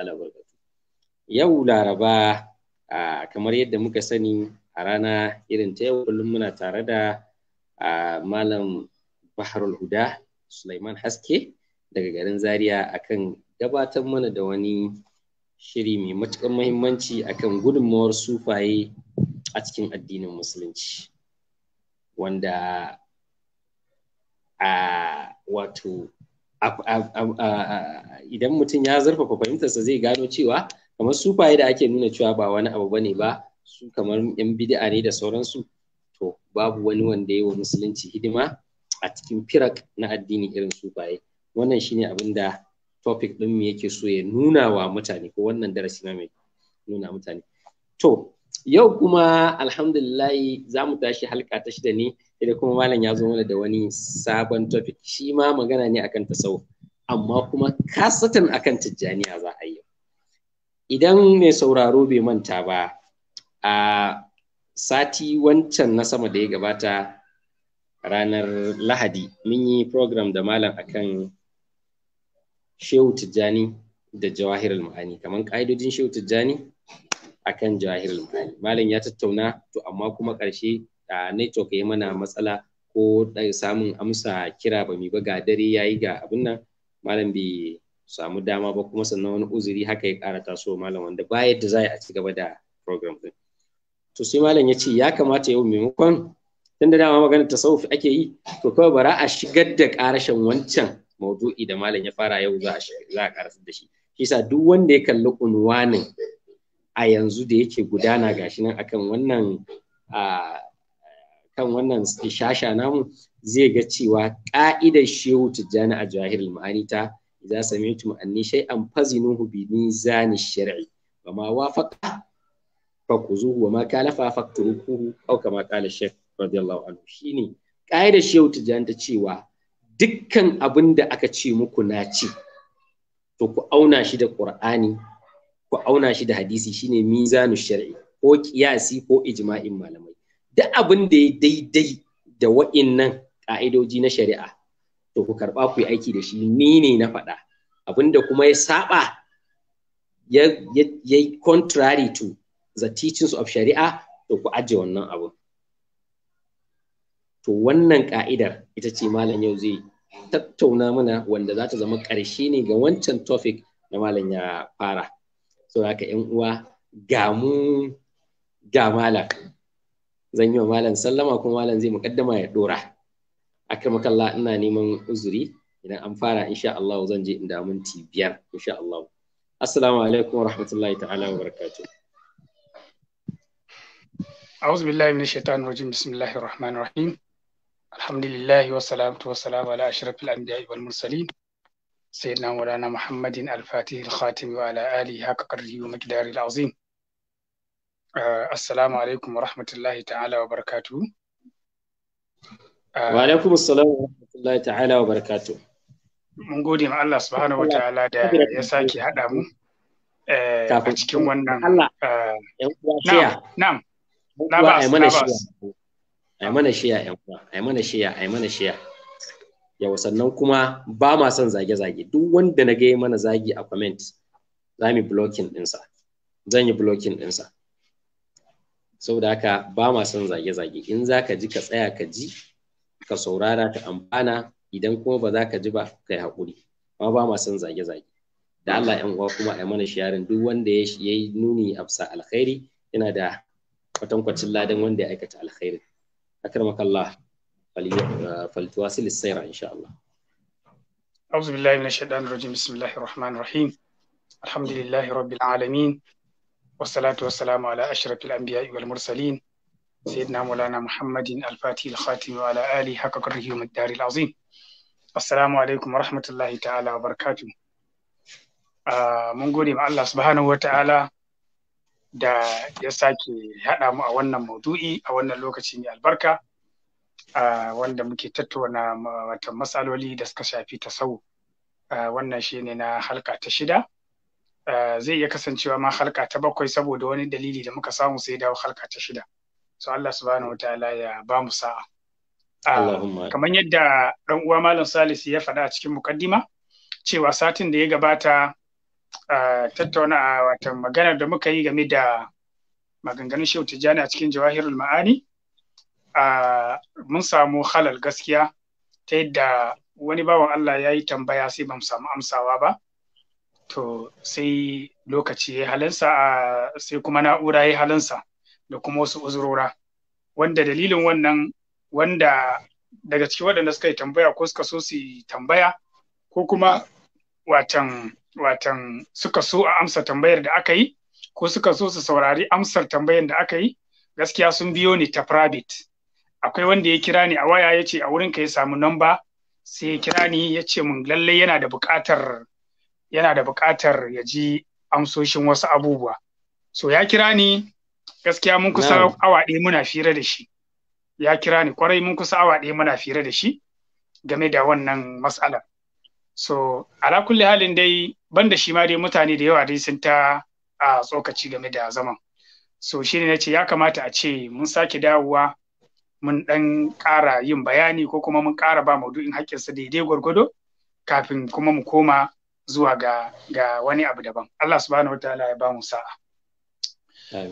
albarkatu yau laraba a kamar yadda muka sani a rana irin ta yau kullum muna tare da malam baharul huda Sulaiman Haske daga garin Zaria akan gabatar mana da wani shiri mai matuƙar muhimmanci akan gudunmawar sufaye a cikin addinin musulunci wanda a wato idan mutum ya zurfafa fahimtarsa zai gano cewa kamar sufaye da ake nuna cewa ba wani abu bane ba su kamar yan bidi'a ne da sauransu to babu wani wanda ya wa musulunci hidima a cikin firak na addini irin sufaye wannan shine abin da topic din mu yake so ya nuna wa mutane ko wannan darasi na mai nuna mutane to yau kuma alhamdulillah za mu tashi halka ta shida ne idan kuma malam ya zo mana da wani sabon topic shi ma magana ne akan tasawuf amma kuma kasatan akan tijjaniya za a yi idan mai sauraro bai manta ba a sati wancan na sama da ya gabata ranar lahadi mun yi program da malam akan shehu tijjani da jawahir ma'ani kamar ƙa'idojin shehu tijjani akan jawahir ma'ani malam ya tattauna to amma kuma ƙarshe network ya mana matsala ko samun amsa kira ba mi ba ga dare yayi ga abin nan malam bai samu dama ba kuma sannan wani uzuri haka ya ƙara taso malam wanda ba yadda za a ci gaba da program din to sai malam ya ce ya kamata yau maimakon tun da dama maganar tasawuf ake yi to kawai bara a shigar da ƙarashin wancan maudu'i da malam ya fara yau za a za a da shi shi sa duk wanda ya kalli unwanin a yanzu da yake gudana gashi nan akan wannan kan wannan shasha namu zai ga cewa ka'idar shehu tijjani a jahilul ma'ani ta idza sami'tum anni shay'an fazinuhu bi mizani shar'i wa ma wafaqa fakuzuhu wa ma kalafa fakturuhu aw kama qala shaykh radiyallahu anhu shine ka'idar shehu tijjani ta cewa dukkan abin da aka ce muku na ci to ku auna shi da ƙur'ani ku auna shi da hadisi shine mizanu shar'i ko kiyasi ko ijma'in malamai duk abin da ya daidai da wa'innan ƙa'idoji na shari'a to ku karɓa ku yi aiki da shi ni ne na faɗa abin da kuma ya saɓa, ya yi contrary to the teachings of shari'a to ku ajiye wannan abin to wannan ka'idar ita ce malam yau zai tattauna mana wanda za ta zama ƙarshe ne ga wancan topic na malam ya fara so haka yan uwa ga mu ga malam zan yi wa malam sallama kuma malam zai mukaddama ya dora akai makalla ina neman uzuri idan an fara insha Allah zan je inda mun ti biyar insha Allah assalamu alaikum wa rahmatullahi ta'ala wa barakatuh a'udhu billahi minash shaitani rajim bismillahir rahmanir rahim alhamdulillah wa salatu ala ashrafil anbiya'i wal mursalin sayyidina wa muhammadin al-fatih al-khatim wa ala alihi haqqa al-riyu Uh, assalamu alaikum wa rahmatullahi ta'ala wa barakatu. Uh, wa alaikum assalamu wa rahmatullahi ta'ala wa barakatu. Mun gode ma Allah subhanahu wa ta'ala da ya sake haɗa mu eh, a cikin wannan. Allah, uh, na'am, na'am, na ba su, na ba mana shiya, yi mana shiya, yi mana shiya. Yau sannan kuma ba ma son zage-zage. Duk wanda na ga mana zagi a comment, za mu blocking ɗinsa. Zan yi blocking ɗinsa. saboda haka ba ma son zage-zage in za ka ji ka tsaya ka ji ka saurara ka amfana idan kuma ba za ka ji ba kai haƙuri amma ba ma son zage-zage da Allah yan uwa kuma a mana shiyarin duk wanda ya yi nuni a bisa alkhairi yana da kwatankwacin ladan wanda ya aikata alkhairi Faltuwa, uh, faltuwasil saira insha Allah أعوذ بالله من الشيطان الرجيم بسم الله الرحمن الرحيم الحمد لله wassalatu wassalamu ala ashrafil anbiya'i wal mursalin sayyidina maulana muhammadin al-fatih al-khatim wa ala ali haka karhi wa daril azim assalamu alaikum wa rahmatullahi ta'ala wa barakatuh ah, mun gode ma Allah subhanahu wa ta'ala da ya sake haɗa mu a wannan maudu'i a wannan lokaci mai albarka ah, wanda muke tattauna wata matsaloli da suka shafi ta sau. Ah, wannan shi ne na halka ta shida Eh, zai iya kasancewa ma halka ta bakwai saboda wani dalili da muka samu sai dawo halka ta shida so Allah subhanahu ta'ala ya ba mu sa'a ah, kamar yadda ɗan uwa malam salisu ya faɗa a cikin mukaddima cewa satin da ya gabata eh, tattauna watan maganar da muka yi game da maganganun shehu tijjani a cikin jawahirul ma'ani ah, mun samu halal gaskiya ta yadda wani bawan Allah ya yi tambaya sai ba mu samu amsawa ba to sai lokaci ya halinsa sai kuma na'ura ya halinsa da kuma wasu uzurora wanda dalilin wannan wanda daga cikin waɗanda suka yi tambaya ko suka so su tambaya ko kuma watan suka so a amsa tambayar da aka yi ko suka so su saurari amsar tambayar da aka yi gaskiya sun biyo ni ta private akwai wanda ya kira ni a waya ya ce a wurinka ya samu namba sai ya kira ni ya ce mun lallai yana da buƙatar yana da buƙatar ya ji amsoshin wasu abubuwa so ya kira ni gaskiya mun kusa awa ɗaya muna fira da shi ya kira ni kwarai mun kusa awa ɗaya muna fira da shi game da wannan matsalar so ala kulli halin dai ban da shi ma dai mutane da yawa dai sun ta a tsokaci game da zaman so shi ne na ce ya kamata a ce mun sake dawowa mun ɗan ƙara yin bayani ko kuma mun ƙara ba maudu'in haƙƙinsa daidai gwargwado kafin kuma mu koma zuwa ga, ga wani abu daban Allah subhanahu ala ya ba mu sa'a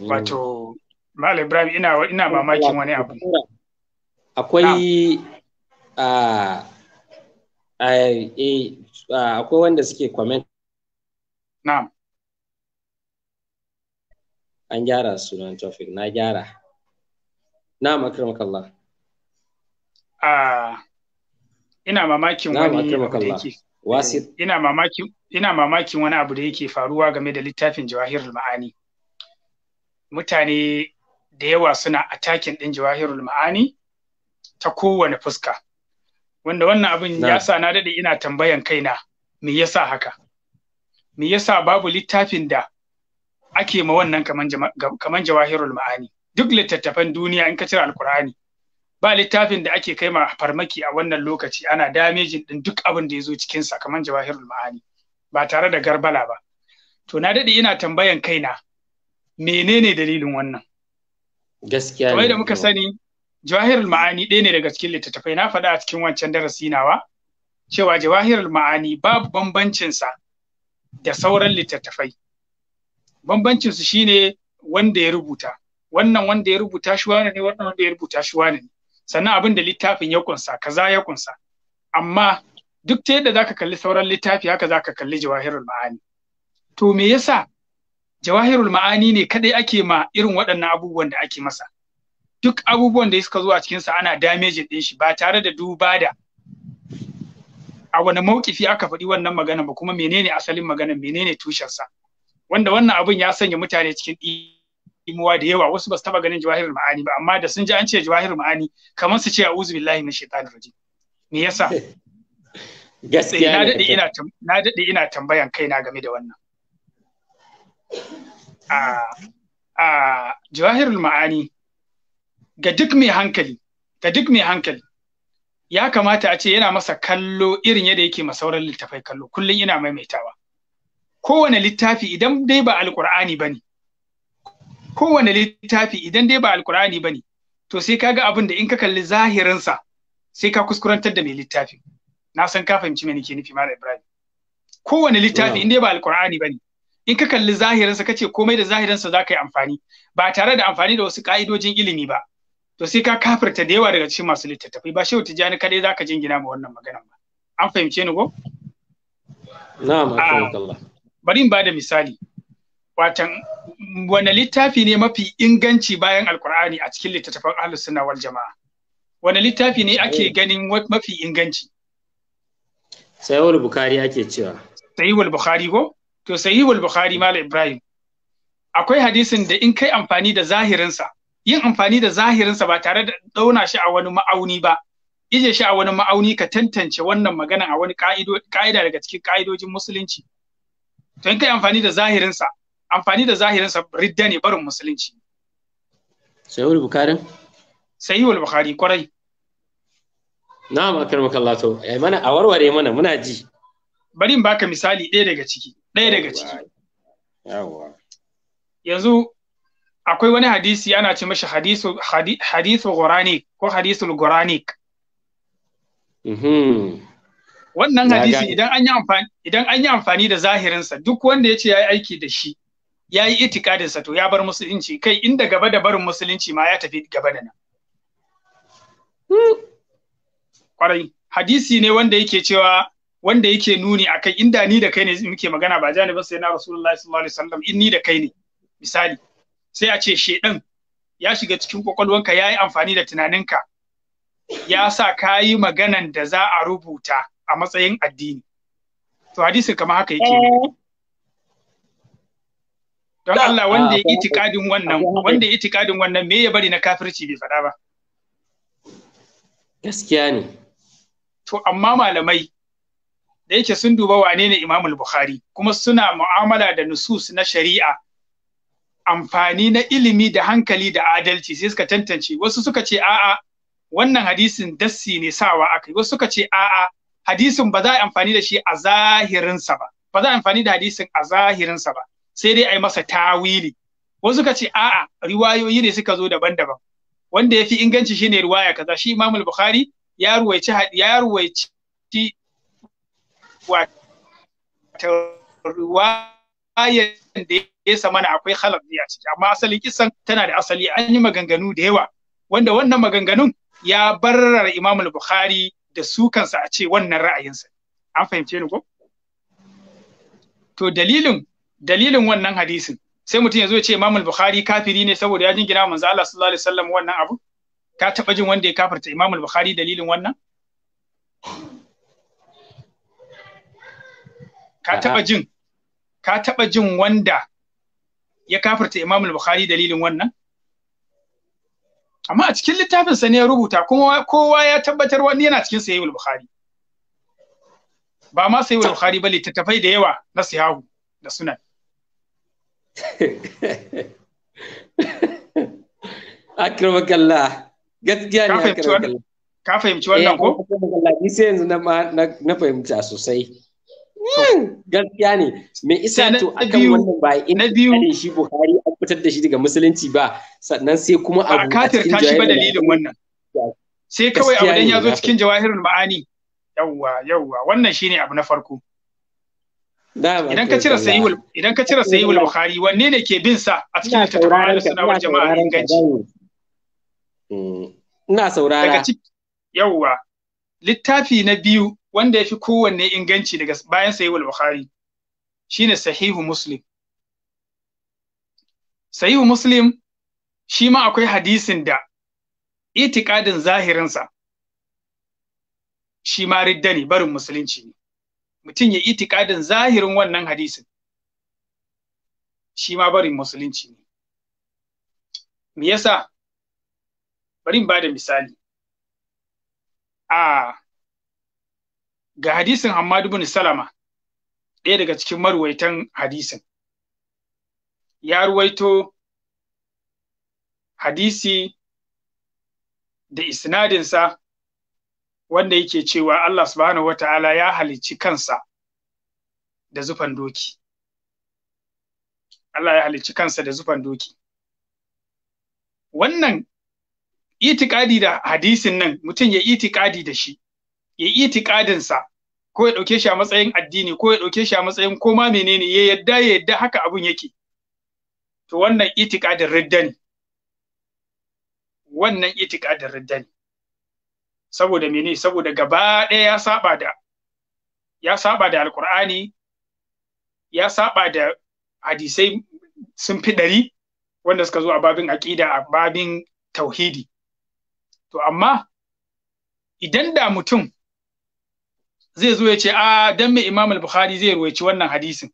wato Malam Ibrahim ina ina mamakin wani abu akwai e, a akwai wanda suke comment na'am an gyara sunan Tafiq na gyara na makarmakallah Ah, ina mamakin wani abu da yake wasit eh, ina mamakin wani abu da yake faruwa game da littafin jawahirul ma'ani mutane da yawa suna attacking din jawahirul ma'ani ta kowane fuska wanda wannan abin ya sa na daɗe ina tambayan kaina me yasa haka me yasa babu littafin da ake ma wannan kaman jawahirul ma'ani duk littattafan duniya in ka cire alkur'ani ba littafin da ake kai ma farmaki a wannan lokaci ana damejin din duk abin da ya zo cikin sa kamar jawahirul ma'ani ba tare da garbala ba to na dade ina tambayan kaina menene dalilin wannan gaskiya kamar da muka sani jawahirul ma'ani ɗaya ne daga cikin littattafai na faɗa a cikin wancan darasi nawa cewa jawahirul ma'ani babu bambancin sa da sauran littattafai bambancin su shine wanda ya rubuta wannan wanda ya rubuta shi wane ne wannan wanda ya rubuta shi wane ne sannan abin da littafin ya kunsa kaza ya kunsa amma duk ta yadda ka kalli sauran littafi haka za ka kalli jawahirul ma'ani to me yasa jawahirul ma'ani ne kadai ake ma irin waɗannan abubuwan da ake masa duk abubuwan da suka zo a cikin sa ana damage din shi ba tare da duba da a wani mawkifi aka faɗi wannan magana ba kuma menene asalin magana menene tushensa wanda wannan abin ya sanya mutane cikin imuwa da yawa wasu basu su taba ganin jawahirul ma'ani ba amma da sun ji an ce jawahirul ma'ani kamar su ce a'udhu billahi min shaitanir rajim me yasa eh, na dade ina na dade ina kaina game da wannan a ah, ah, jawahirul ma'ani ga duk mai hankali ga duk mai hankali ya kamata a ce yana masa kallo irin yadda yake sauran littafai kallo kullum ina maimaitawa kowane littafi idan dai ba alkur'ani ba ne kowane littafi idan dai ba alkur'ani ba ne to sai ka ga abin da in ka kalli zahirinsa sai ka kuskurantar da mai littafi na san ka fahimci me nake nufi mara ibrahim kowane littafi in dai ba alkur'ani ba ne in ka kalli zahirinsa ka ce komai da zahirinsa za ka yi amfani ba tare da amfani da wasu ka'idojin ilimi ba to sai ka kafirta da yawa daga cikin masu littattafai ba shehu tijjani kadai za ka jingina ma wannan maganan ba an fahimce ni ko na'am ah, bari in ba da misali watan wani littafi ne mafi inganci bayan alkur'ani a cikin littattafan ahlus sunna wal jama'a wani littafi ne ake ganin mafi inganci sahihul bukhari ake cewa sahihul bukhari ko to sahihul bukhari malam ibrahim akwai hadisin da in kai amfani da zahirinsa yin amfani da zahirinsa ba tare da dauna shi a wani ma'auni ba ije shi a wani ma'auni ka tantance wannan magana a wani ka'ida daga cikin ka'idojin musulunci to in kai amfani da zahirinsa amfani da zahirinsa ridda ne barin musulunci Sai bukari? Sai sayyid bukari kwarai na'am akramaka Allah to ai eh, mana a warware mana muna ji bari in baka misali ɗaya daga ciki ɗaya daga ciki yawa yanzu akwai wani hadisi ana ce mashi hadisu hadisu qurani ko hadisul qurani mhm. wannan hadisi idan an yi amfani idan an yi amfani da zahirinsa duk wanda ya ce ya yi aiki da shi ya yi itikadin sa to ya bar musulunci kai inda gaba da barin musulunci ma ya tafi gaba da nan kwarai hadisi ne wanda yake cewa wanda yake nuni akai inda ni da kai ne muke magana ba janibin sai na rasulullahi sallallahu alaihi wasallam in ni da kai ne misali sai a ce shedan ya shiga cikin kwakwalwanka ya yi amfani da tunaninka ya sa ka yi maganan da za a rubuta a matsayin addini to hadisi kamar haka yake don Allah wanda ya itikadin wannan wanda ya itikadin wannan me ya bari na kafirci bai faɗa ba gaskiya ne to amma malamai da yake sun duba wane ne Imam Bukhari kuma suna mu'amala da nusus na shari'a amfani na ilimi da hankali da adalci sai suka tantance wasu suka ce a'a wannan hadisin dassi ne sawa akai wasu suka ce a'a hadisin ba za a amfani da shi a zahirinsa ba ba za a amfani da hadisin a zahirinsa ba sai dai a yi masa tawili wasu suka ce a'a riwayoyi ne suka zo daban-daban wanda ya fi inganci shine riwaya kaza shi Imam bukhari ya ruwaici ya ruwaici wato riwaya da ya sama na akwai khalaf a ciki amma asalin kisan tana da asali an yi maganganu da yawa wanda wannan maganganun ya barrar Imam al-Bukhari da su kansa a ce wannan ra'ayinsa an fahimce ni ko to dalilin dalilin wannan hadisin sai mutum ya zo ya ce Imam Bukhari kafiri ne saboda ya jingina manzo Allah sallallahu alaihi wasallam wannan abu ka taba jin wanda ya kafirta Imam Bukhari dalilin wannan ka taba jin ka taba jin wanda ya kafirta Imam Bukhari dalilin wannan amma a cikin littafin sa ne ya rubuta kuma kowa ya tabbatar wani yana cikin sahihul Bukhari ba ma sahihul Bukhari ba littattafai da yawa na sahihu da sunan akramakallah gaskiya ne akramakallah ka fahimci wannan ko? Eh, Ni sai yanzu na fahimta sosai. Hmm, gaskiya ne, me isa to akan wannan ba in kare shi Buhari an fitar da shi daga musulunci ba, sannan sai kuma abu a cikin shi ba dalilin wannan. Sai kawai abu dan yazo cikin jawahirul ma'ani. Yawwa, yawwa, wannan shine abu na farko. Idan ka cire sayi idan ka wanne ne ke bin sa a cikin tattaunawa da sunawar jama'a inganci? Mm. Ina saurara. Daga yawwa littafi na biyu wanda ya fi kowanne inganci daga bayan sayuwar Bukhari shine sahihu Muslim. Sahihu Muslim shi ma akwai hadisin da itikadin zahirinsa shi ma ridda barin musulunci ne. mutum ya itikadin zahirin wannan hadisin shi ma barin musulunci ne me yasa barin ba da misali a ga hadisin hammadu bin Salama ɗaya daga cikin maruwaitan hadisin ya ruwaito hadisi da isnadinsa wanda yake cewa Allah subhanahu wata'ala ya halicci kansa da zufan doki Allah ya halicci kansa da zufan doki wannan itikadi da hadisin nan mutum ya itikadi da shi ya itikadinsa ko ya ɗauke shi a matsayin addini ko ya ɗauke shi a matsayin koma menene ya yadda ya yadda haka abun yake to wannan itikadin ridda ne wannan itikadin ridda ne saboda mene saboda gaba ɗaya ya saba da ya saba da alkur'ani ya saba da hadisai sun fi ɗari wanda suka zo a babin aƙida a babin tauhidi to amma idan da mutum zai zo ya ce a dan mai imam al-bukhari zai ruwaici wannan hadisin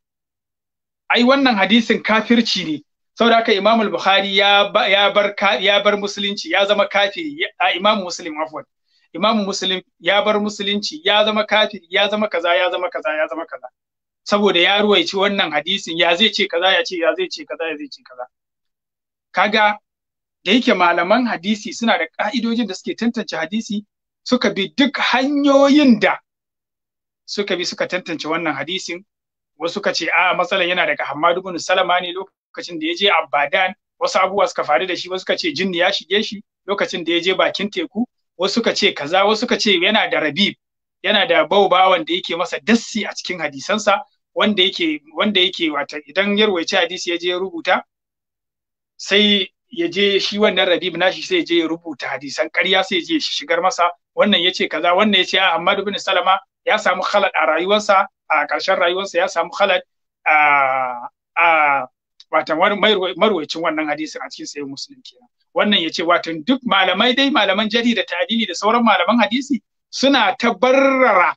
ai wannan hadisin kafirci ne saboda haka imam al-bukhari ya, bar ya bar musulunci ya zama kafiri a imam muslim afwan imamu musulun ya bar musulunci ya zama kafir ya zama kaza ya zama kaza ya zama kaza saboda ya ruwaici wannan hadisin ya zai ce kaza ya ce ya zai ce kaza ya zai ce kaza kaga da yake malaman hadisi suna da ka'idojin da suke tantance hadisi suka bi duk hanyoyin da suka bi suka tantance wannan hadisin wasu ka ce a matsalan yana daga Hammadu bin Salama ne lokacin da ya je Abadan wasu abubuwa suka faru da shi wasu ka ce jinni ya shige shi lokacin da ya je bakin teku wasu ka ce kaza wasu ka ce yana da rabib yana da bauba wanda yake masa dassi a cikin hadisansa wanda yake wanda yake wata idan ya rubuta hadisi ya je ya rubuta sai ya je shi wannan rabib nashi sai ya ya rubuta hadisan ƙarya sai ya je shi shigar masa wannan ya ce kaza wannan ya ce a Ahmad ibn Salama ya samu khalad a rayuwarsa a ƙarshen rayuwarsa ya samu khalad a a wata wannan hadisin a cikin sayin Musulunci. kenan wannan ya ce watan duk malamai dai malaman jari da ta'adili da sauran malaman hadisi suna tabarrara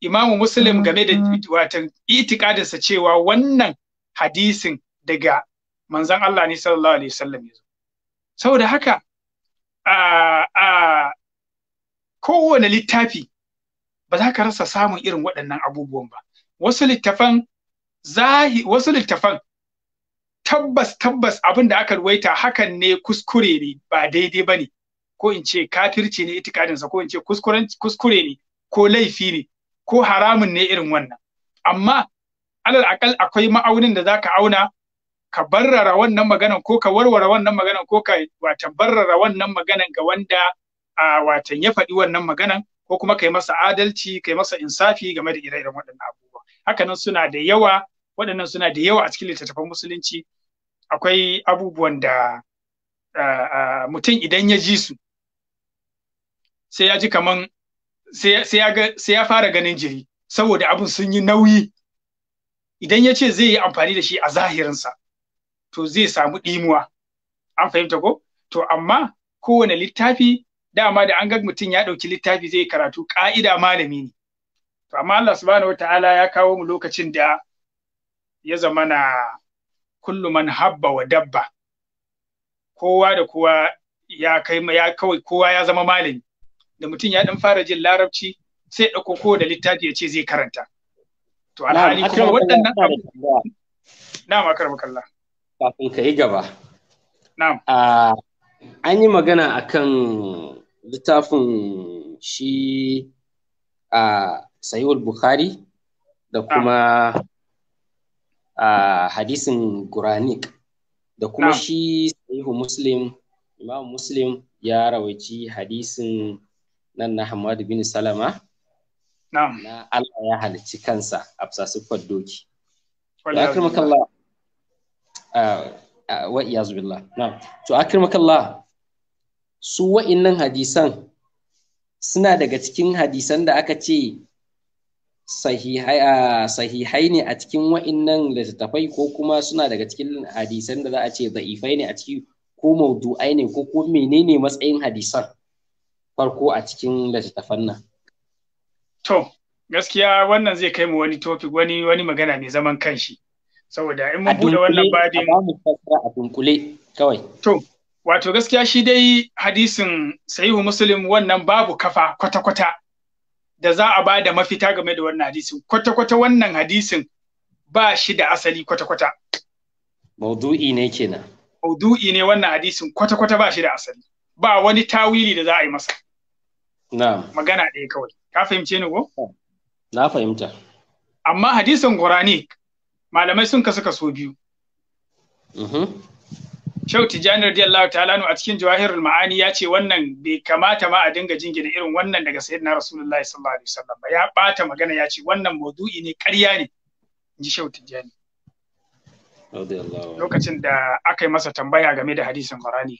imamu muslim game da mm-hmm. watan itikadinsa cewa wannan hadisin daga manzan Allah ne sallallahu alaihi wasallam ya zo saboda haka a a kowane littafi ba za ka rasa samun irin waɗannan abubuwan ba wasu littafan zahi wasu littafan tabbas tabbas abin da aka ruwaita hakan ne kuskure ne ba daidai ba ne ko in ce kafirci ne itikadinsa ko in ce kuskure ne ko laifi ne ko haramun ne irin wannan amma alal akal akwai ma'aunin da zaka auna ka barrara wannan maganan ko ka warware wannan maganan ko ka wata barrara wannan maganan ga wanda a watan ya faɗi wannan maganan ko kuma kai masa adalci kai masa insafi game da ire-iren waɗannan abubuwa hakanan suna da yawa waɗannan suna da yawa a cikin littattafan musulunci akwai abubuwan da mutum idan ya ji su sai ya ji kaman sai ya fara ganin jiri saboda abin sun yi nauyi idan ya ce zai yi amfani da shi a zahirinsa to zai samu ɗimuwa an fahimta ko to amma kowane littafi dama da an ga mutum ya ɗauki littafi zai karatu ƙa'ida malami ne to amma Allah subhanahu Ta'ala ya kawo mu lokacin da ya zama na kullu man habba wa dabba kowa da kowa ya kai ya kawai kowa ya zama malami da mutum ya dan fara jin larabci sai ya dauko da littafi ya ce zai karanta to alhali kuma waɗannan abu na'am akarba kallah kafin ka yi gaba na'am an yi magana akan littafin shi a sayuwar bukhari da kuma a hadisin Quranic da kuma shi sahihu Muslim Imam Muslim ya rawaci hadisin nan na hamadu bin Salama na Allah ya halicci kansa a siffar doki. Ya akramakallah wa iyazu billah. To akramakallah su wa'innan hadisan suna daga cikin hadisan da aka ce sahihai ne a cikin wa'innan littattafai ko kuma suna daga cikin hadisan da za a ce da'ifai ne a ciki ko maudu'ai ne ko ko menene matsayin hadisan farko a cikin littattafan nan. To, gaskiya wannan zai kai mu wani topic wani wani magana mai zaman kanshi. Saboda in mun bude wannan babin a dunkule kawai. To, wato gaskiya shi dai hadisin sahihu muslim wannan babu kafa kwata-kwata da za a ba da mafita game da wannan hadisin kwata-kwata wannan hadisin ba shi da asali kwata-kwata maudu'i ne kenan maudu'i ne wannan hadisin kwata-kwata ba shi da asali ba wani tawili da za a yi masa na'am magana ɗaya kawai ka fahimce ni ko na fahimta amma hadisin qur'ani malamai sun kasu kaso biyu mm Shehu Tijjani radiyallahu ta'ala a cikin Jawahirul Ma'ani ya ce wannan bai kamata ma a dinga jingina irin wannan daga Sayyidina Rasulullahi sallallahu alaihi wasallam ba ya bata magana ya ce wannan maudu'i ne ƙarya ne In ji Shehu Tijjani lokacin da aka yi masa tambaya game da hadisin Qur'ani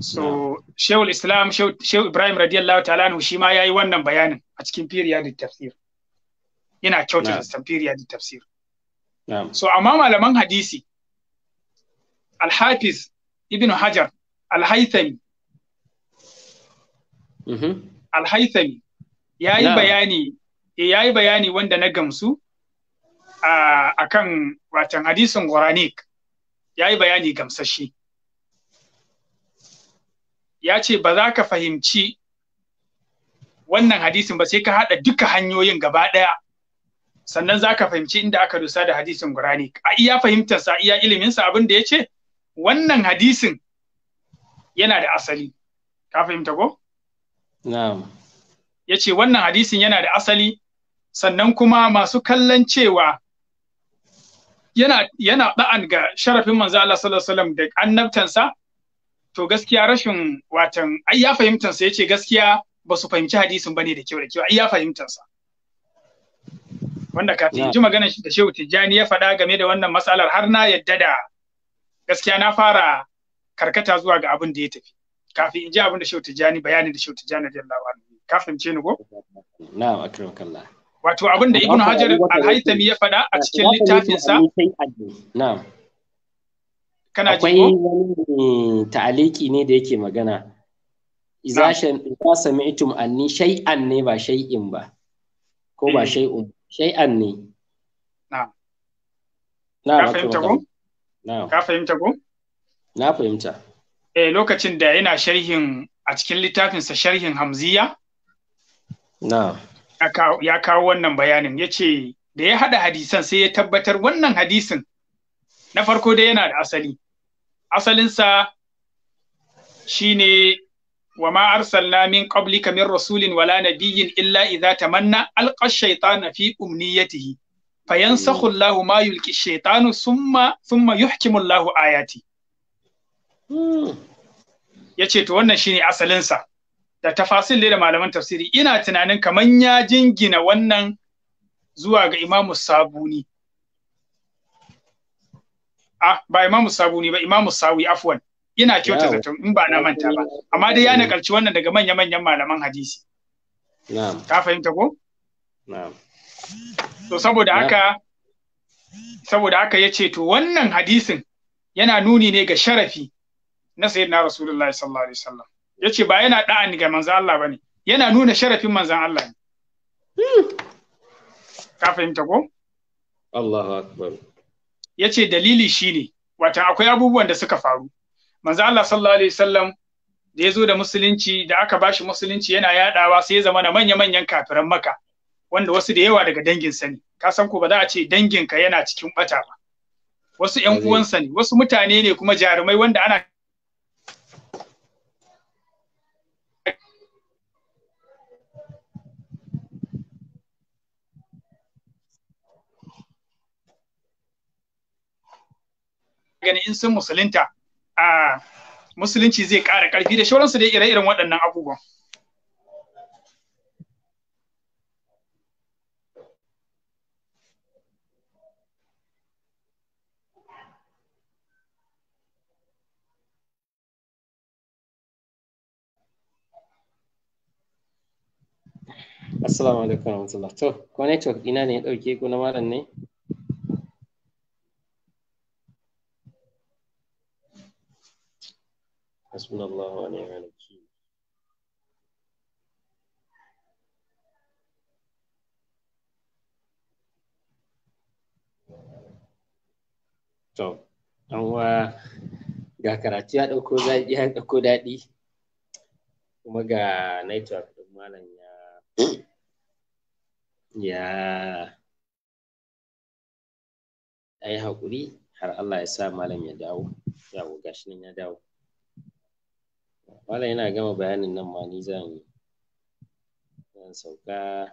so Shehu Islam Shehu Ibrahim radiyallahu ta'ala shi ma yi wannan bayanin a cikin Firiyad tafsir yana kyautata tafsir so amma malaman hadisi alhafiz ibn hajar alhaithami mhm. alhaithami ya yi eh, bayani wanda na gamsu a kan watan hadisin quranic ya yi bayani gamsashi ya ce ba ka fahimci wannan hadisin ba sai ka haɗa duka hanyoyin gaba ɗaya sannan za ka fahimci inda aka dusa da hadisin Qur'ani a iya fahimtarsa iya iliminsa abin da ya ce wannan hadisin yana da asali ka fahimta ko na'am ya wannan hadisin yana da asali sannan kuma masu kallon cewa yana yana da'an ga sharafin manzo Allah sallallahu alaihi wasallam da annabtansa to gaskiya rashin watan ai ya fahimtansa yace gaskiya ba su fahimci hadisin bane da kyau da kyau ai ya fahimtansa wanda kafin ji magana da Shehu Tijjani ya faɗa game da wannan matsalar har na yadda da gaskiya na fara karkata zuwa ga abin da ya tafi kafin in ji abin da Shehu Tijjani bayanin da Shehu Tijjani radiyallahu anhu kafin ce ni ko na'am akramakallah wato abin da Ibn Hajar al ya faɗa a cikin littafinsa na'am kana ji akwai wani ta'aliki ne da yake magana idza sami'tum anni shay'an ne ba shay'in ba ko ba eh. shay'un shay'an ne na'am na'am akramakallah Ka fahimta ko? Na fahimta. Eh lokacin da yana sharhin a cikin littafinsa sharhin Hamziya? Na. Ya kawo wannan bayanin ya ce da ya haɗa hadisan sai ya tabbatar wannan hadisin na farko da yana da asali. Asalinsa shi ne wa ma arsalna min qablika min rasulin wala nabiyyin illa idza tamanna alqa shaytana fi umniyatihi فينسخ الله ما يلقي الشيطان summa ثم يحكم الله ayati yace to wannan shine asalin sa da tafasil da malaman tafsiri ina tunanin kaman ya jingina wannan zuwa ga Imam Sabuni ah ba Imam Sabuni ba Imam Sawi afwan ina kyauta zaton in ba na manta ba amma dai ya nakalci wannan daga manya manyan malaman hadisi na'am ka fahimta ko na'am to saboda haka saboda haka ya ce to wannan hadisin yana nuni ne ga sharafi na sayyidina rasulullahi sallallahu alaihi wasallam ya ce ba yana da'ani ga manzan Allah ba ne yana nuna sharafin manzan Allah ne hmm. ka fahimta ko Allahu akbar ya ce dalili shine watan akwai abubuwan da suka faru manzan Allah sallallahu alaihi wasallam da ya zo da musulunci da aka bashi musulunci yana yadawa sai ya zama na manya-manyan kafiran maka wanda wasu da yawa daga dangin sani ka san ko ba za a ce danginka yana cikin bata ba wasu ƴan uwansa ne wasu mutane ne kuma jarumai wanda ana gani in sun musulunta a musulunci zai ƙara ƙarfi da shauransu dai ire-iren waɗannan abubuwan. Assalamu alaikum warahmatullahi To, ko network ina ne ya dauke ku na malam ne? Hasbunallahu wa ni'mal wakeel. To, an wa ga karatu ya dauko zai ya dauko dadi kuma ga network din malam Mm. Ya ai haƙuri har Allah ya sa malam ya dawo. Yawo gashi nan ya dawo. Malam yana gama bayanin nan ma ni zan zan sauka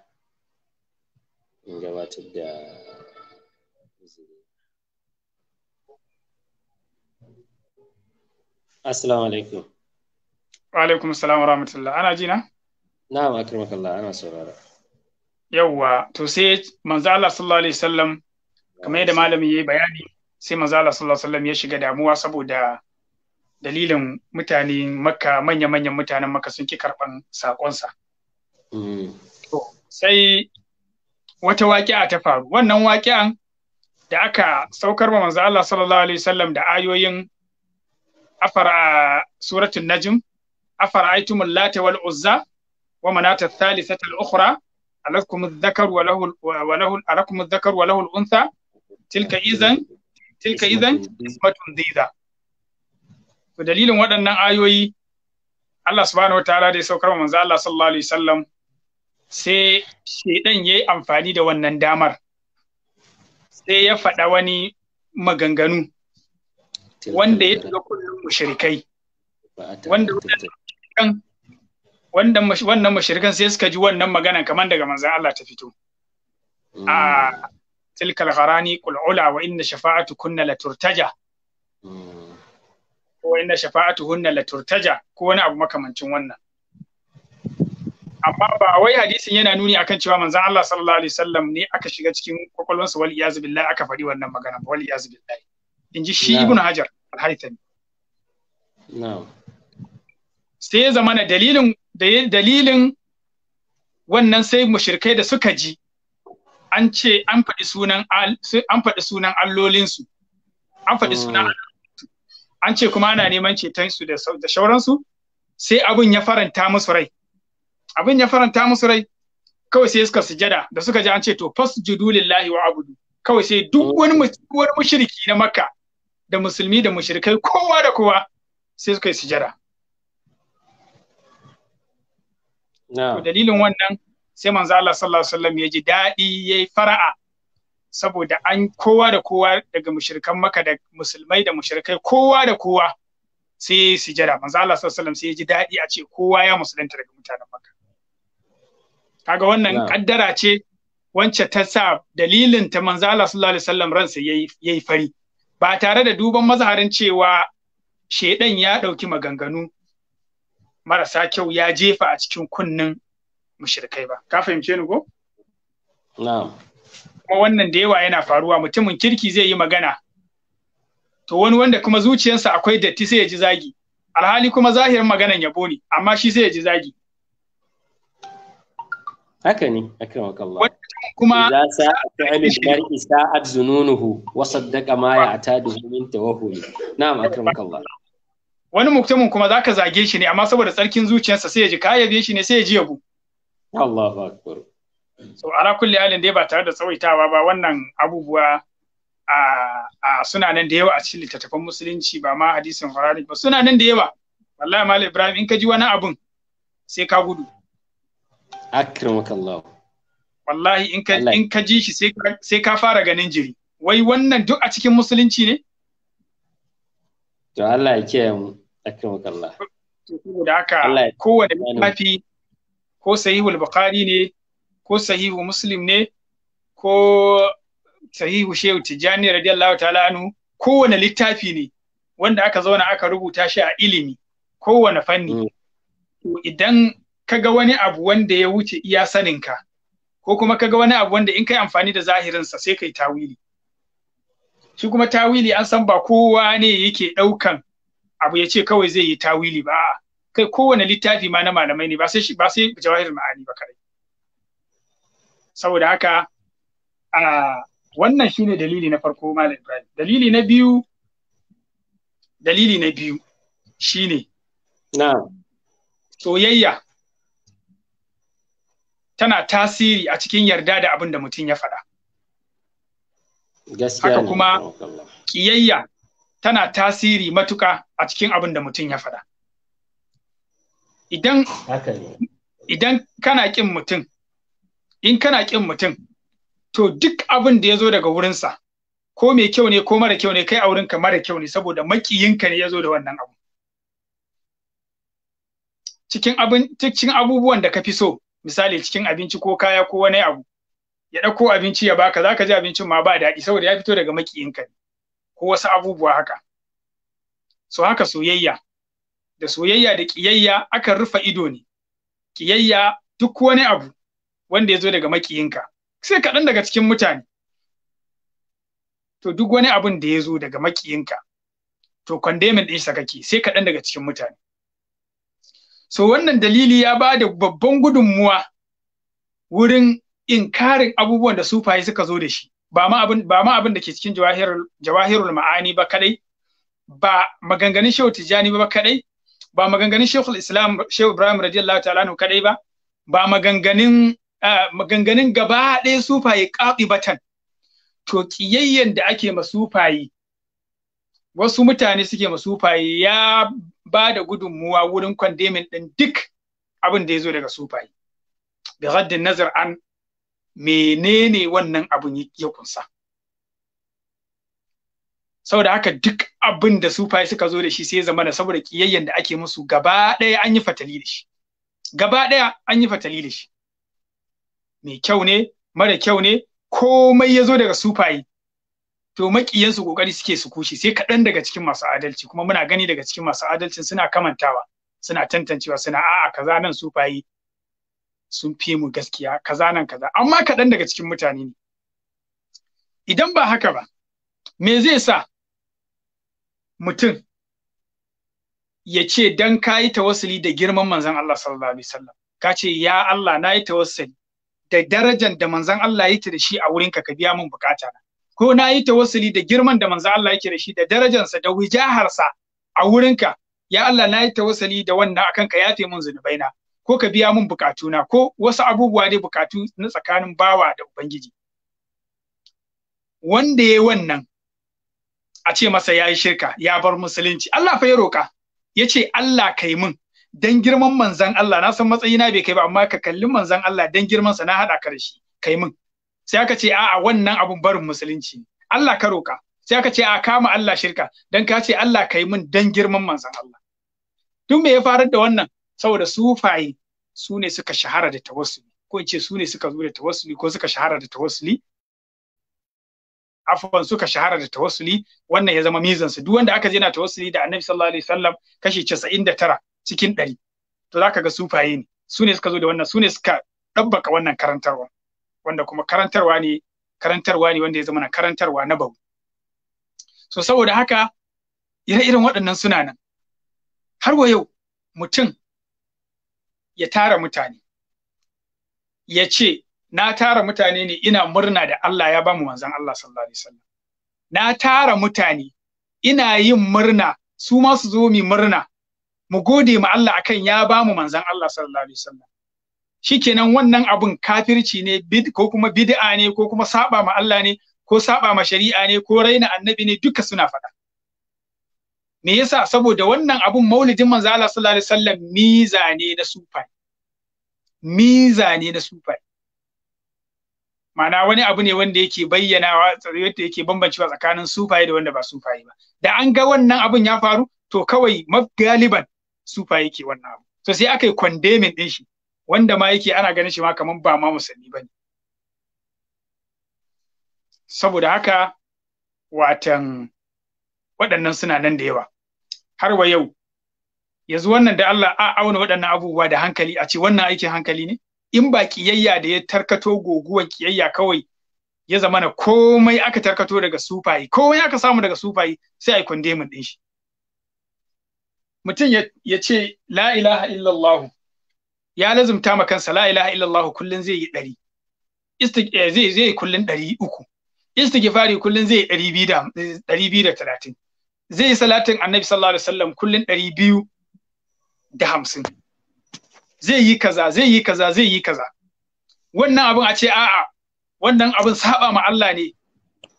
in gabatar da Assalamu alaikum. Wa alaikum salam wa rahmatullah. Ana ji na? na'am akramakallah ana saurara yawwa to sai manzo Allah sallallahu alaihi wasallam kamar yadda malami yayi bayani sai manzo Allah sallallahu alaihi wasallam ya shiga damuwa saboda dalilin mutane makka manya-manyan mutanen makka sun ki karban sakonsa mm. sai wata waƙi'a ta faru wannan waƙi'an da aka saukar wa manzo Allah sallallahu alaihi wasallam da ayoyin afara suratul najm afara'aytumul lata wal uzza wa manata thalithata al-ukhra alakum adh-dhakar tilka idan ismatun dhiza dalilin waɗannan ayoyi Allah subhanahu wataala da ya saukar wa manzo Allah sallallahu alaihi wasallam sai shedan yayi amfani da wannan damar sai ya faɗa wani maganganu wanda ya wanda wannan wannan mashirkan sai suka ji wannan magana kamar daga manzan Allah ta fito mm. a tilkal harani, kul'ula wa inna shafa'atu kunna la turtaja ko mm. inna shafa'atu kunna la turtaja ko wani abu makamancin wannan amma ba wai hadisin yana nuni akan cewa manzan Allah sallallahu alaihi wasallam ne aka shiga cikin kwakwalwansa wal iyaz billahi aka faɗi wannan magana wal iyaz billahi ji shi ibnu hajar al-haythami na'am sai ya zamana dalilin da yin dalilin wannan sai mushirkai da suka ji an ce an faɗi sunan an faɗi sunan allolinsu an faɗi sunan oh. an ce kuma ana neman ceton su da shauransu sai abin ya faranta musu rai abin ya faranta musu rai kawai sai suka sujada da suka ji an ce to fasjudu lillahi wa abudu kawai sai duk wani wani mushriki na makka da musulmi da mushrikai kowa da kowa sai suka yi sujada to dalilin wannan sai manzo Allah sallallahu alaihi wasallam ya ji daɗi yayi fara'a saboda an kowa da kowa daga mushrikan maka da musulmai da mushrikai kowa da kowa sai sujada manzo Allah sallallahu alaihi wasallam sai ya ji daɗi a ce kowa ya musulunta daga mutanen maka kaga wannan kaddara ce wacce ta sa dalilin ta manzo Allah sallallahu alaihi wasallam ransa yayi yayi fari ba tare da duban mazharin cewa shedan ya ɗauki maganganu marasa kyau ya jefa a cikin kunnen mushirkai ba ka fahimce ni ko na'am kuma wannan da yawa yana faruwa mutumin kirki zai yi magana to wani wanda kuma zuciyarsa akwai datti sai ya ji zagi alhali kuma zahirin maganan yabo ne amma shi sai ya ji zagi haka ne haka maka Allah. kuma za sa ta'amil mar'i sa'ad zununuhu wa saddaqa ma ya'tadu min tawahuli na'am maka Allah. wani mutumin kuma zaka zage shi ne amma saboda tsarkin zuciyarsa sai ya ji kayan shi ne sai ya ji yabo Allahu akbar so ala kulli halin dai ba tare da tsawaitawa ba wannan abubuwa a suna nan da yawa a cikin littattafan musulunci ba ma hadisin farari ba suna nan da yawa wallahi mal ibrahim in ka ji wani abun sai ka gudu allah wallahi in ka in ka ji shi sai ka fara ganin jiri wai wannan duk a cikin musulunci ne to Allah ya kiyaye mu akramakallah saboda haka kowane littafi ko sahihul bukhari ne ko sahihu muslim ne ko sahihu shehu tijjani radiyallahu ta'ala anhu kowane littafi ne wanda aka zauna aka rubuta shi a ilimi kowane fanni mm. to idan kaga wani abu wanda ya wuce iya saninka ko kuma kaga wani abu wanda in kai amfani da zahirinsa sai kai tawili shi kuma tawili an san ba kowa ne yake ɗaukan abu ya ce kawai zai yi tawili ba kai kowane littafi ma na malamai ne ba sai ba sai jawahir ma'ani ba kai saboda haka a wannan shine dalili na farko malam Ibrahim dalili na biyu dalili na biyu shine na soyayya tana tasiri a cikin yarda da abin da mutum ya faɗa haka kuma kiyayya tana tasiri matuka a cikin abin da mutum ya faɗa idan idan kana ƙin mutum in kana ƙin mutum to duk abin da ya zo daga wurinsa ko mai kyau ne ko mara kyau ne kai a wurinka mara kyau ne saboda makiyinka ne ya zo da wannan abu cikin cikin abubuwan da ka fi so misali cikin abinci ko kaya ko wani abu ya ɗauko abinci ya baka zaka ji abincin ma ba daɗi saboda ya fito daga makiyinka ne ko wasu abubuwa haka so haka soyayya da soyayya da ƙiyayya akan rufe ido ne ƙiyayya duk wani abu wanda ya zo daga makiyinka sai kaɗan daga cikin mutane to duk wani abun da ya zo daga makiyinka to condemning ɗinsa kake sai kaɗan daga cikin mutane so wannan dalili ya ba da babban gudunmuwa wurin In inkarin abubuwan da sufaye suka zo da shi ba ma abin da ke cikin jawahirul ma'ani ba kadai ba maganganun shehu Tijjani ba kadai ba maganganun shehu islam shehu ibrahim radiyallahu ta'ala anhu kadai ba ba maganganun maganganun gaba ɗaya sufaye batan. to kiyayyen da ake ma sufaye wasu mutane suke ma sufaye ya ba da gudunmuwa wurin kwandemin ɗin duk abin da ya zo daga sufaye bi haddin nazar an menene wannan abin ya kunsa saboda haka duk abin da su suka zo da shi sai zama da saboda ƙiyayyen da ake musu gaba ɗaya an yi fatali da shi gaba ɗaya an yi fatali da shi mai kyau ne mara kyau ne komai ya zo daga sufaye to maƙiyansu ƙoƙari suke su kushi, sai kaɗan daga cikin masu adalci kuma muna gani daga cikin masu adalcin suna kamantawa suna tantancewa suna a'a kaza nan sufaye sun fi mu gaskiya kaza nan kaza amma kaɗan daga cikin mutane ne idan ba haka ba me zai sa mutum ya ce dan ka yi tawassuli da girman manzon Allah sallallahu alaihi wasallam ka ce ya Allah na yi tawassuli da darajar da manzon Allah yake da shi a wurinka ka biya min bukata na ko na yi tawassuli da girman da manzon Allah yake da shi da darajansa, da wijaharsa a wurinka ya Allah na yi tawassuli da wannan akan ka yafe min zunubaina ko ka biya mun na ko wasu abubuwa dai bukatu na tsakanin bawa da ubangiji wanda ya wannan a ce masa ya yi shirka ya bar musulunci Allah fa ya roka ya ce Allah kai mun dan girman manzan Allah na san na bai kai ba amma ka kalli manzan Allah dan girman sa na hada ka da shi kai mun sai aka ce a'a wannan abun barin musulunci Allah ka roka sai aka ce a kama Allah shirka dan ka ce Allah kai mun dan girman manzan Allah duk me ya farar da wannan saboda sufaye su ne suka shahara da tawassuli ko in ce su ne suka zo da tawassuli ko suka shahara da tawassuli afwan suka shahara da tawassuli wannan ya zama su, duk wanda aka je na tawassuli da annabi sallallahu alaihi wasallam kashi 99 cikin 100 to zaka ga sufaye ne su ne suka zo da wannan su ne suka dabbaka wannan karantarwa wanda kuma karantarwa ne karantarwa ne wanda ya zama na karantarwa na bau so saboda haka ire-iren waɗannan suna nan har wa yau mutum ya tara mutane ya ce na tara mutane ne ina murna da Allah ya bamu manzon Allah sallallahu alaihi wasallam na tara mutane ina yin murna su ma su zo mu murna mu gode ma Allah akan ya bamu manzon Allah sallallahu alaihi wasallam shikenan wannan abun kafirci ne bid ko kuma bid'a ne ko kuma saba ma Allah ne ko saba ma shari'a ne ko raina annabi ne duka suna faɗa me yasa saboda wannan abun maulidin manzo Allah sallallahu alaihi wasallam miza ne na sufai miza ne na sufai ma'ana wani abu ne wanda yake bayyanawa yadda yake bambancewa tsakanin sufaye da wanda ba sufaye ba da an ga wannan abun ya faru to kawai galiban sufaye yake wannan abu to sai aka yi kwandemin din shi wanda ma yake ana ganin shi ma kaman ba ma musulmi bane saboda haka watan waɗannan suna nan da yawa har wa yau yanzu wannan da Allah a auna waɗannan abubuwa da hankali a ce wannan aikin hankali ne in ba kiyayya da ya tarkato goguwan kiyayya kawai ya zama na komai aka tarkato daga sufayi komai aka samu daga sufayi sai a yi kundemin ɗin shi mutum ya ce la ilaha illallah ya lazumta ma kansa la ilaha illallah kullun zai yi ɗari eh, zai zai kullun ɗari uku istighfari kullun zai yi ɗari biyu da talatin zai yi salatin annabi sallallahu alaihi wasallam kullun ɗari biyu da hamsin zai yi kaza zai yi kaza zai yi kaza wannan abin a ce a'a wannan abin saba ma Allah ne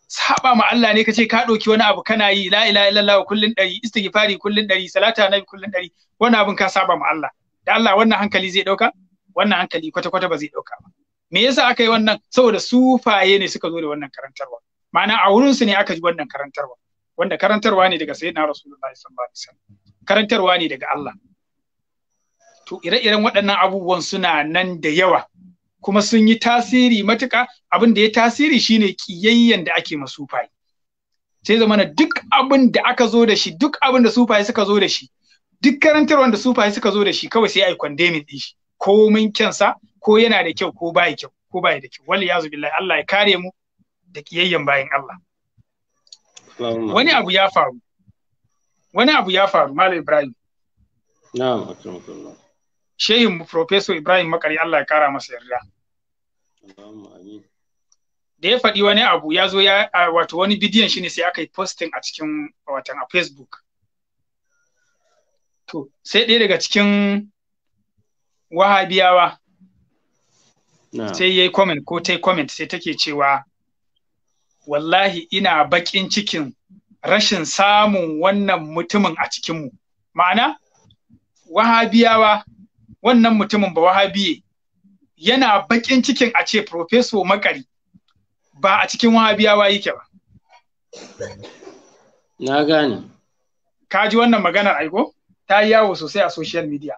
saba ma Allah ne kace ka ɗauki wani abu kana yi la ilaha illallah kullun ɗari istighfari kullun ɗari salata annabi kullun ɗari wannan abin ka saba ma Allah da Allah wannan hankali zai ɗauka wannan hankali kwata kwata ba zai ɗauka ba me yasa aka yi wannan saboda sufaye ne suka zo da wannan karantarwa ma'ana a wurinsu ne aka ji wannan karantarwa wanda karantarwa ne daga sayyidina rasulullahi sallallahu alaihi wasallam karantarwa ne daga Allah to ire-iren waɗannan abubuwan suna nan da yawa kuma sun yi tasiri matuka. abin da ya tasiri shine kiyayyen da ake masufaye sai zamana duk abin da aka zo da shi duk abin da sufaye suka zo da shi duk karantarwa da sufaye suka zo da shi kawai sai ai kwandemin din shi ko mun kyansa ko yana da kyau ko bai kyau ko bai da kyau wallahi yazu billahi Allah ya kare mu da kiyayyen bayan Allah wani abu ya faru wani abu ya faru malam ibrahim shehin professor ibrahim makari Allah ya kara masa yarda da ya faɗi wani abu ya zo ya wato wani bidiyon shi ne sai aka yi posting a cikin watan a facebook to sai ɗaya daga cikin wahabiyawa sai ya yi comment ko ta yi comment sai take cewa wallahi ina baƙin cikin rashin samun wannan mutumin a cikinmu ma'ana wahabiyawa wannan mutumin ba wahabiye yana baƙin cikin a ce profeso makari ba a cikin wahabiyawa yake ba na gane ka ji wannan maganar aiko ta yi yawo sosai a social media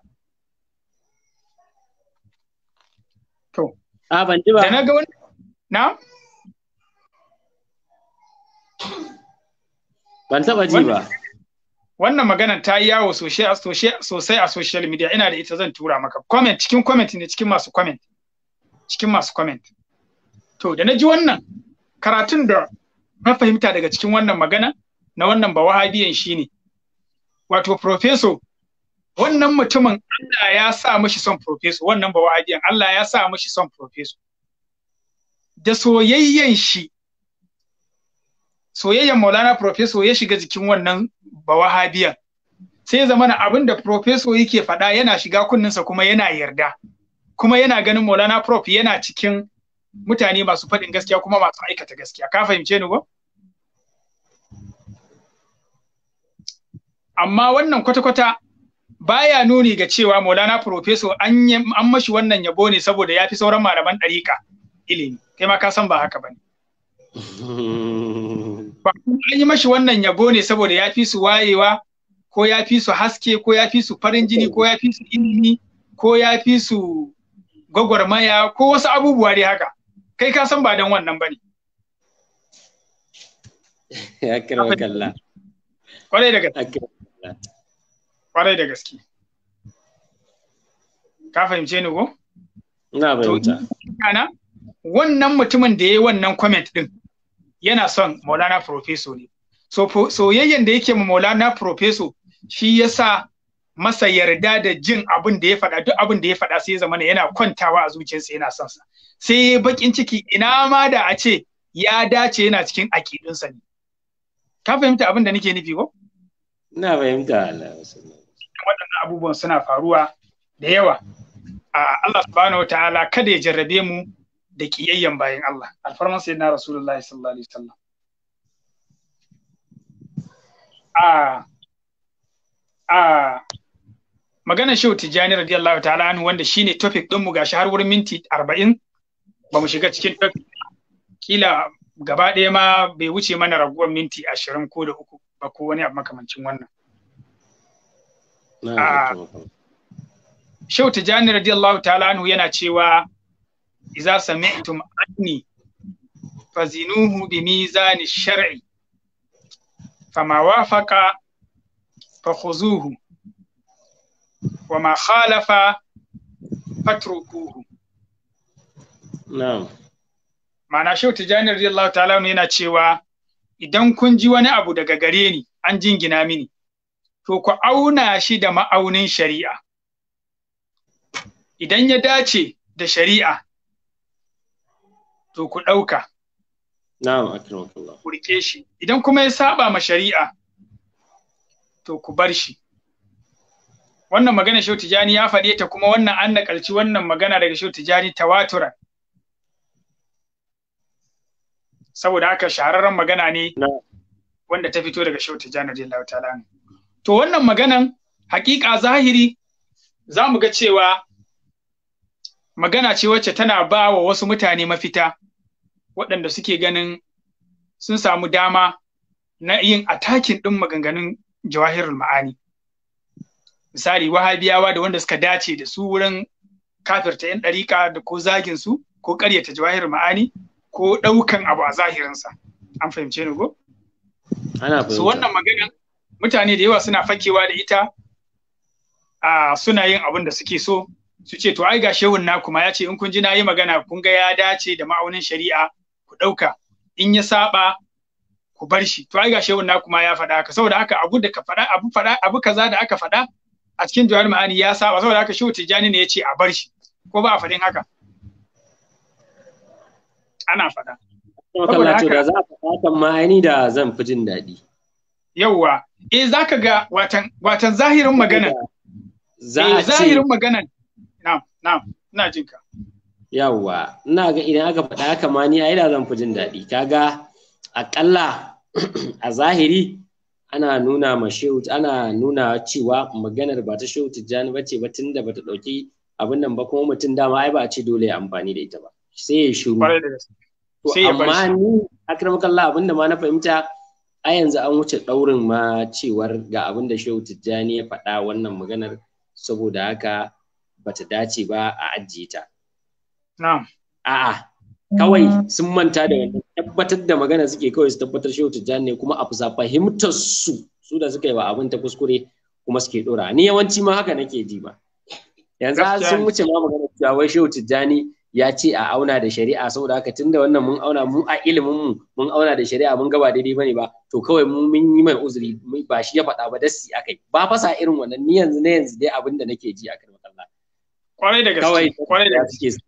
to ban ji ba da na ga wani na Ban taɓa ji ba. Wannan magana ta yi yawo sosai a social media ina da ita zan tura maka. Comment cikin comment ne cikin masu comment. Cikin masu comment. To da na ji wannan karatun da na fahimta daga cikin wannan magana na wannan ba wahabiyan ne. Wato profeso wannan mutumin Allah ya sa mashi son profeso wannan ba wahabiyan Allah ya sa mashi son profeso. Da soyayyen shi soyayyen Maulana Profeso ya shiga jikin wannan bawahabiyan. Sai zamana abin da Profeso yake faɗa yana shiga kunninsa kuma yana yarda. Kuma yana ganin Maulana Prof yana cikin mutane masu faɗin gaskiya kuma masu aikata gaskiya. Ka fahimce ni ba Amma wannan kwata-kwata baya nuni ga cewa Maulana Profeso an mashi wannan yabo ne saboda ya fi sauran malaman ɗariƙa ilimi. Kai ma ka san ba haka ba ne. ba an yi mashi wannan yabo ne saboda ya fi su wayewa ko ya fi su haske ko ya fi su farin jini ko ya fi su ilimi ko ya fi su gwagwarmaya ko wasu abubuwa dai haka kai ka san ba don wannan ba ne ya kira kalla kwarai da gaske kwarai da gaske ka fahimce ni ko na fahimta wannan mutumin da ya yi wannan comment din yana son Maulana Profeso ne. So soyayyen da yake ma Maulana Profeso shi ya sa masa yarda da jin abin da ya faɗa duk abin da ya faɗa sai ya zama yana kwantawa a zuciyarsa yana son sa. Sai bakin ciki ina ma da a ce ya dace yana cikin aƙidinsa ne. Ka fahimta abin da nake nufi ko? Na fahimta Allah. Waɗannan abubuwan suna faruwa da yawa. Allah subhanahu wa ta'ala kada ya jarrabe mu da kiyayyen bayan Allah alfarman na rasulullahi sallallahu alaihi wasallam a a maganar shehu tijjani radiyallahu ta'ala anhu wanda shine topic din mu gashi har wurin minti arba'in. ba mu shiga cikin topic kila gaba ɗaya ma bai wuce mana raguwar minti ashirin ko da uku ba ko wani abu makamancin wannan Shehu Tijjani radiyallahu ta'ala anhu yana cewa idza sami'tum anni fazinuhu bi mizani shar'i fama wafaqa fakhuzuhu wama khalafa fatrukuhu na'am ma'ana shehu tijani radiyallahu ta'ala yana cewa idan kun ji wani abu daga gare ni an jingina mini to ku auna shi da ma'aunin shari'a idan ya dace da shari'a to ku ɗauka. Na'am akramakallah. Ku shi. Idan kuma ya saba ma shari'a to ku bar shi. Wannan magana Shehu Tijani ya faɗe ta kuma wannan an nakalci wannan magana daga Shehu Tijani tawatura. Saboda haka shahararren magana ne wanda ta fito daga Shehu Tijani Allah ta'ala. To wannan maganan hakika zahiri za mu ga cewa magana ce wacce tana ba wa wasu mutane mafita waɗanda suke ganin sun samu dama na yin atakin ɗin maganganun jawahirul ma'ani misali wahabiyawa da wanda suka dace da su wurin kafirta 'yan ɗariƙa da ko zagin ko ƙaryata jawahir ma'ani ko ɗaukan abu a zahirinsa an fahimce ni ko? ana su wannan maganan mutane da yawa suna fakewa da ita a suna yin abin da suke so su ce to ai ga shehun naku ma ya ce in kun ji na yi magana kun ga ya dace da ma'aunin shari'a ɗauka in ya saba ku bar shi to ai gashi wannan kuma ya faɗa haka saboda haka abu da ka faɗa abu faɗa abu kaza da aka faɗa a cikin jawar ma'ani ya saba saboda haka shehu tijjani ne ya ce a bar shi ko ba a faɗin haka ana faɗa saboda haka za ma'ani da zan fi jin daɗi yawwa eh zaka ga watan watan zahirin maganan eh, zahirin maganan na'am na'am ina jinka yawwa ina ga idan aka faɗa haka ma ni ai da zan fi jin daɗi kaga aƙalla a zahiri ana nuna ma shehu ana nuna cewa maganar ba ta shehu tijjani ba ce ba da ba ta ɗauki abin nan ba kuma mutum dama ai ba ce dole ya amfani da ita ba sai ya shiru amma ni akramakallah abin da ma na fahimta a yanzu an wuce ɗaurin ma cewar ga abinda da shehu tijjani ya faɗa wannan maganar saboda haka bata dace ba a ajiye ta a'a kawai sun manta da wannan tabbatar da magana suke kawai su tabbatar shehu tijjani ne kuma a fusa fahimtar su su da suka yi ba abin ta kuskure kuma suke dora ni yawanci ma haka nake ji ba yanzu sun wuce ma magana cewa wai shehu tijjani ya ce a auna da shari'a saboda haka tunda wannan mun auna mu a ilimin mu mun auna da shari'a mun gaba daidai bane ba to kawai mu mun yi mai uzuri ba shi ya faɗa ba si akai ba fasa irin wannan ni yanzu na yanzu dai abin da nake ji a kan Allah kwarai da gaske kwarai da gaske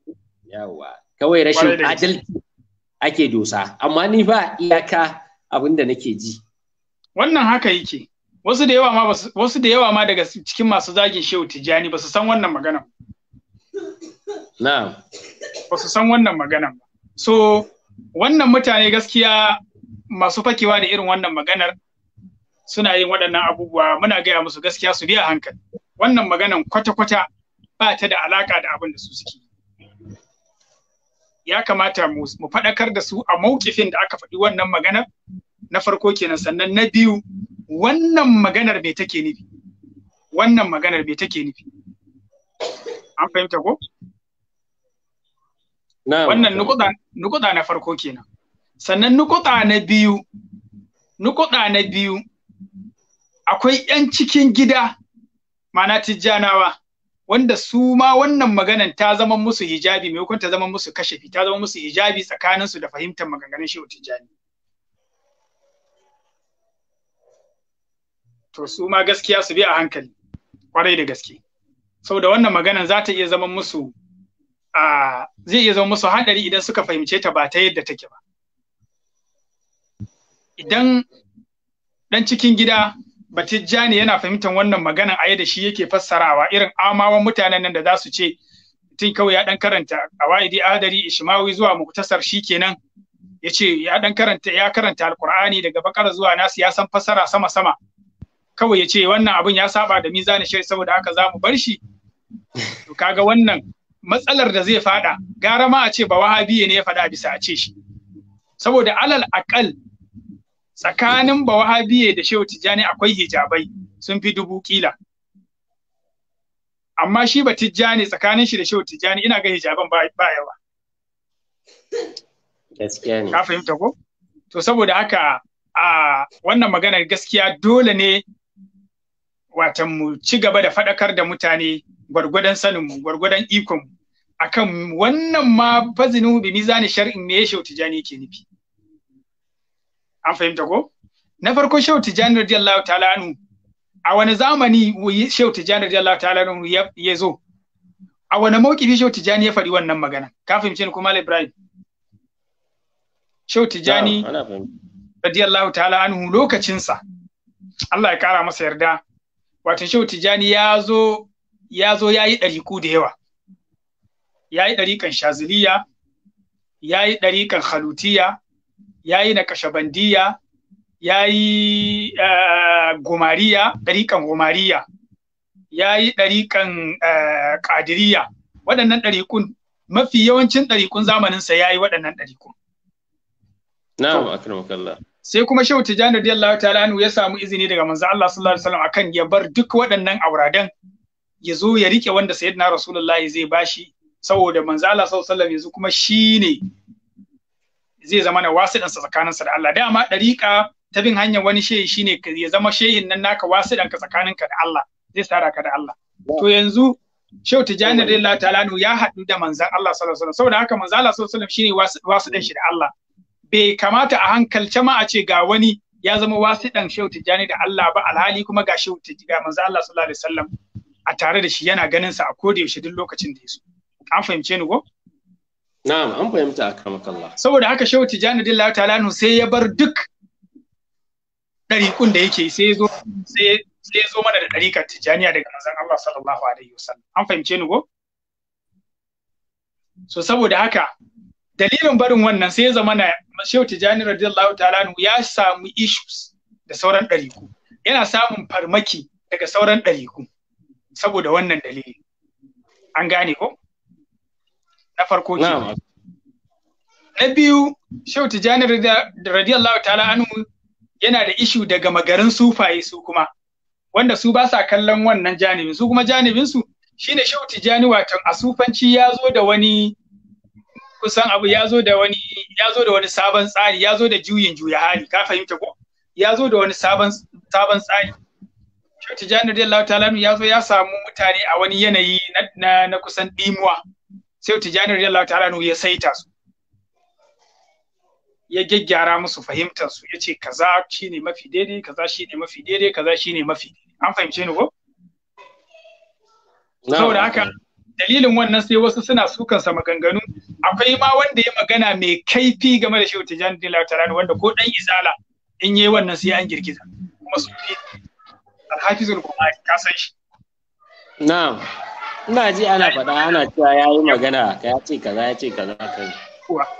yawa kawai rashin adalci ake dosa amma ni ba iyaka abin da nake ji wannan haka yake wasu da yawa ma wasu da yawa ma daga cikin masu zagin shehu tijjani ba su san wannan magana na'am ba su san wannan magana so wannan mutane gaskiya masu fakewa da irin wannan maganar suna yin waɗannan abubuwa muna gaya musu gaskiya su biya hankali wannan maganan kwata-kwata ba ta da alaka da abin da su suke ya kamata mu faɗakar da su a mawkifin da aka faɗi wannan maganar na farko kenan sannan na biyu wannan maganar me take nufi wannan maganar me take nufi an fahimta ko wannan nukuda na farko kenan sannan nukuda na biyu nukuda na biyu akwai 'yan cikin gida mana tijjanawa wanda su ma wannan maganan ta zama musu hijabi mai ta zama musu kashefi ta zama musu hijabi tsakaninsu da fahimtar maganganun shehu tijjani to su ma gaskiya su bi a hankali kwarai da gaske da wannan maganan za ta iya zama musu a zai iya zama musu hadari idan suka fahimce ta ba ta yadda take ba idan dan cikin gida Batijjani yana fahimtar wannan maganan a da shi yake fassarawa irin amawan mutanen nan da za su ce mutum kawai ya dan karanta A wa'idi adari ishmawi zuwa muktasar shi kenan. ya ce ya dan karanta ya karanta alkur'ani daga bakar zuwa nasu ya san fassara sama sama kawai ya ce wannan abin ya saba da mizanin shari saboda haka za mu bar shi to kaga wannan matsalar da zai fada gara ma a ce ba wahabiye ne ya fada bisa a ce shi saboda alal akal tsakanin bawahabiye da shehu tijjani akwai hijabai sun fi dubu kila amma shi ba tijjani tsakanin shi da shehu tijjani ina ga hijaban ba yawa gaskiya ne ka fahimta ko to saboda haka a wannan maganar gaskiya dole ne watan mu ci gaba da faɗakar da mutane gwargwadon sanin mu gwargwadon ikon mu akan wannan ma fazinu bi mizani shar'in me ya shehu tijjani ke nufi an fahimta ko na farko shehu tijani radiyallahu ta'ala anhu a wani zamani shehu tijani radiyallahu ta'ala anhu ya zo a wani mawkifi shehu Tijjani ya faɗi wannan magana ka fahimci ni kuma ibrahim shehu tijani radiyallahu ta'ala anhu lokacinsa Allah ya kara masa yarda wato shehu Tijjani ya zo ya zo ya yi ɗariku da yawa ya yi ɗarikan shaziliya ya yi ɗarikan halutiya ya yi na kashabandiya ya yi eh, gumariya ɗariƙan gumariya ya yi ɗariƙan eh, ƙadiriya waɗannan ɗariƙun mafi yawancin ɗariƙun zamaninsa ya yi waɗannan ɗariƙun. Na'am akramakallah. Sai kuma Shehu Tijjani radiyallahu ta'ala anhu ya samu izini daga manzo Allah sallallahu alaihi wasallam akan ya bar duk waɗannan auradan ya zo ya rike wanda sayyidina Rasulullahi zai bashi saboda manzo Allah sallallahu alaihi wasallam yanzu kuma shine zai zama na wasiɗansa tsakaninsa da Allah dama ɗariƙa ta bin hanyar wani shehi shine ya zama shehin nan naka wasiɗanka tsakaninka da Allah zai tsara ka da Allah to yanzu Shehu Tijjani radiyallahu ta'ala ya haɗu da manzan Allah sallallahu alaihi wasallam saboda haka manzan Allah sallallahu alaihi wasallam shine wasiɗan shi da Allah bai kamata a hankalce ma a ce ga wani ya zama wasiɗan Shehu Tijjani da Allah ba alhali kuma ga Shehu Tijjani manzan Allah sallallahu alaihi wasallam a tare da shi yana ganin sa a koda yaushe duk lokacin da ya so an fahimce ni ko Na'am, an fahimta a kamakallah. Saboda haka Shehu Tijjani Dillah Ta'ala sai ya bar duk ɗariƙun da yake sai ya zo sai ya zo mana da ɗariƙar Tijjaniya daga manzon Allah sallallahu alaihi wasallam. An fahimce ni ko? So saboda haka dalilin barin wannan sai ya zama na Shehu Tijjani radiyallahu ta'ala ya samu issues da sauran ɗariƙu. Yana samun farmaki daga sauran ɗariƙu saboda wannan dalili. An gane ko? na farko ke na biyu shehu Tijjani radiyallahu ta'ala anhu yana da ishu daga magarin sufaye su kuma wanda su ba sa kallon wannan janibin su kuma janibin su shine shehu Tijjani watan a sufanci ya zo da wani kusan abu ya zo da wani ya zo da wani sabon tsari ya zo da juyin juya hali ka fahimta ko ya zo da wani sabon sabon tsari shehu tijani radiyallahu ta'ala anhu ya zo ya samu mutane a wani yanayi na na kusan dimuwa sai tijani radiyallahu ta'ala nu ya saita su ya gyaggyara musu fahimtar su yace kaza shine mafi daidai kaza shine mafi daidai kaza shine mafi an fahimce ni ko saboda haka dalilin wannan sai wasu suna sukan sa maganganu akwai ma wanda ya magana mai kaifi game da shehu tijani radiyallahu ta'ala wanda ko dan izala in yayi wannan sai an girgiza kuma su fi alhafizul qur'ani ka san shi na'am ina ji ana faɗa ana cewa ya yi magana ya ce kaza ya ce kaza kai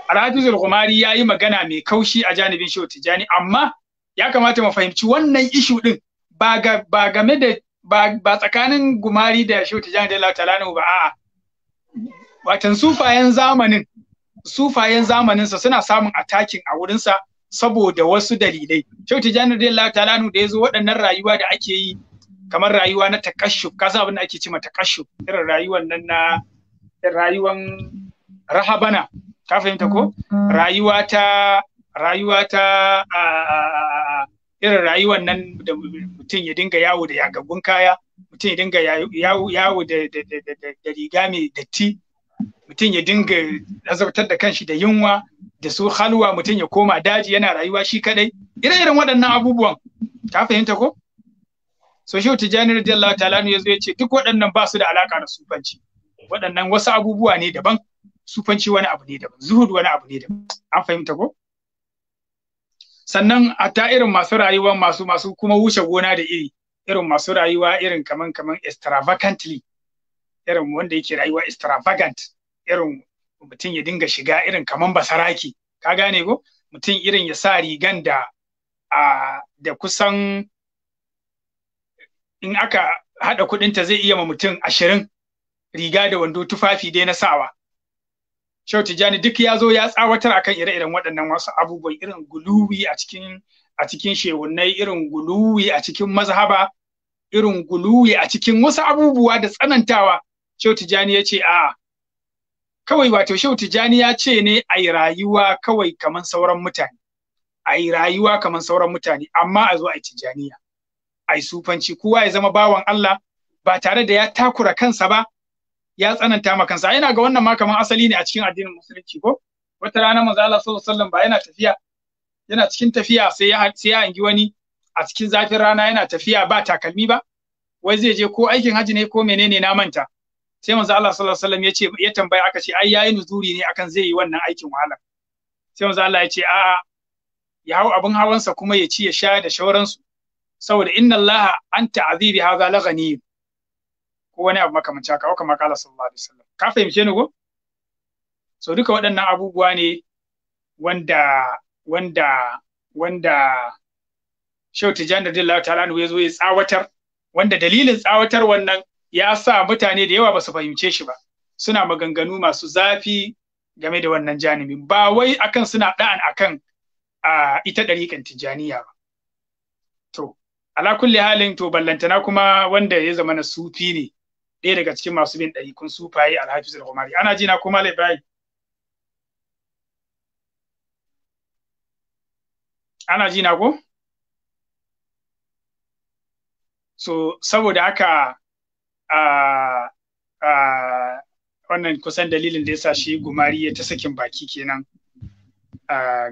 Alhaji Zulkumari ya yi magana mai kaushi a janibin Shehu Tijjani amma ya kamata mu fahimci wannan ishu din ba game da ba tsakanin Gumari da Shehu Tijjani da Allah ta'ala ba a'a watan sufayen zamanin sufayen zamanin sa suna samun atakin a wurinsa saboda wasu dalilai. Shehu Tijjani da Allah ta'ala da ya zo waɗannan rayuwa da ake yi kamar rayuwa na takashu ka san abin da ake cewa takashshuf irin rayuwar nan na rayuwan rahabana ka fahimta ko rayuwa ta rayuwa ta irin rayuwar nan da mutum ya dinga yawo da yagaggun kaya mutum ya dinga yawo da riga mai datti mutum ya dinga azabtar da kanshi da yunwa da su halwa mutum ya koma daji yana rayuwa shi kadai ire-iren waɗannan abubuwan ta fahimta ko so shehu tijani radiyallahu ta'ala ne yazo yace duk waɗannan ba su da alaka da sufanci waɗannan wasu abubuwa ne daban sufanci wani abu ne daban zuhud wani abu ne daban an fahimta ko sannan a ta irin masu rayuwa masu masu kuma wuce gona da iri irin masu rayuwa irin kaman kaman extravagantly irin wanda yake rayuwa extravagant irin mutum ya dinga shiga irin kaman basaraki ka gane ko mutum irin ya sa rigan da da kusan in aka haɗa ta zai iya ma mutum ashirin riga da wando tufafi dai na sawa. Shau Tijjani duk ya zo ya tsawatar akan ire-iren waɗannan wasu abubuwan irin guluwi a cikin a cikin irin guluwi a cikin mazhaba irin guluwi a cikin wasu abubuwa da tsanantawa Shau Tijjani ya ce a kawai wato Shau Tijjani ya ce ne a yi rayuwa kawai kamar sauran mutane a yi rayuwa kamar sauran mutane amma a zo a yi tijjaniya ai sufanci kowa ya zama bawan Allah ba tare da ya takura kansa ba ya tsananta ma kansa ina ga wannan ma kaman asali ne a cikin addinin musulunci ko wata rana manzo Allah sallallahu alaihi wasallam ba yana tafiya yana cikin tafiya sai ya sai ya hangi wani a cikin zafin rana yana tafiya ba takalmi ba wai zai je ko aikin haji ne ko menene na manta sai manzo Allah sallallahu alaihi ya ce ya tambaya aka ce ai yayi nuzuri ne akan zai yi wannan aikin wahala sai manzo Allah ya ce a'a ya hau abin hawansa kuma ya ci ya sha da shauransu saboda inna Allah an ta'ziri hadha la ghani ko wani abu makamanci haka kamar kala sallallahu alaihi wasallam ka fahimce ni ko so duka waɗannan abubuwa ne wanda wanda wanda Shehu Tijjani radiyallahu ta'ala ne ya zo ya tsawatar wanda dalilin tsawatar wannan ya sa mutane da yawa ba su fahimce shi ba suna maganganu masu zafi game da wannan janibin ba wai akan suna da'an akan ita dariƙan Tijjaniya ba ala kulli halin to ballantana kuma wanda ya zama na sufi ne ɗaya daga cikin masu bin ɗarikun sufaye alhafiz al-humari ana ji na kuma ana ji na ko so saboda haka a wannan kusan dalilin da ya sa shi gumari ya ta sakin baki kenan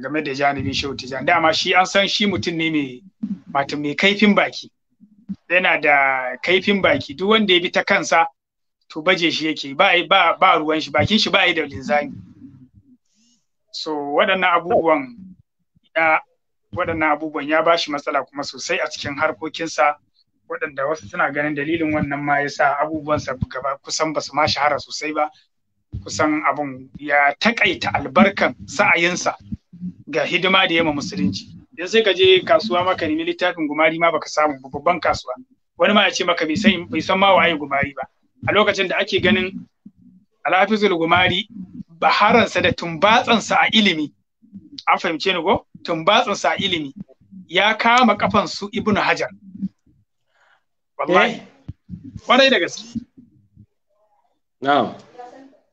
game da janibin shehu tijjani dama shi an san shi mutum ne mai mata mai kaifin baki yana da kaifin baki duk wanda ya bi ta kansa to baje shi yake ba ba ba ruwan shi bakin shi ba yi da linzami so waɗannan abubuwan ya waɗannan ba shi matsala kuma sosai a cikin harkokinsa waɗanda wasu suna ganin dalilin wannan ma yasa abubuwansa gaba kusan ba su ma shahara sosai ba kusan abun ya takaita albarkan sa'ayinsa ga hidima da yamma musulunci idan sai ka je kasuwa maka nemi littafin gumari ma baka samu babban kasuwa wani ma ya ce maka bai san ma waye gumari ba a lokacin da ake ganin alhafizul gumari baharansa da tumbatsansa a ilimi an fahimce ni ko tumbatsansa a ilimi ya kama kafan su ibnu hajar wallahi eh. kwarai da gaske na'am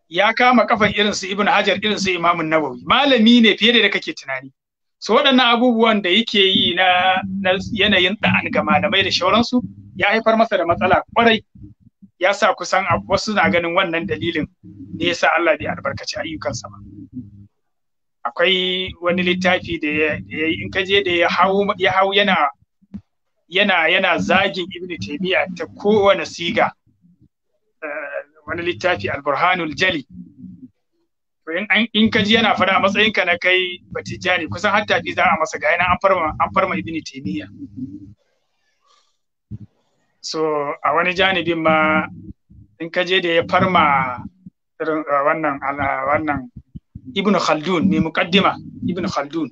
ya kama kafan irin su Ibn Hajar irin su Imam Nawawi malami ne fiye da kake tunani so waɗannan abubuwan da yake yi na, na yanayin ɗa'an ga malamai da shauransu ya haifar masa da matsala kwarai ya sa kusan wasu na ganin wannan dalilin ne ya sa Allah bai albarkaci ayyukansa ba akwai wani littafi da ya in ka je da ya hau ya hau yana yana yana zagin Ibn Taymiyyah ta kowane siga eh, wani littafi alburhanul jali in ka ji yana faɗa matsayin ka na kai batijani kusan hatta fi za a masa ga yana an farma ibn so a wani janibin ma in ka je da ya farma uh, wannan uh, wannan ibn khaldun ne muqaddima ibn khaldun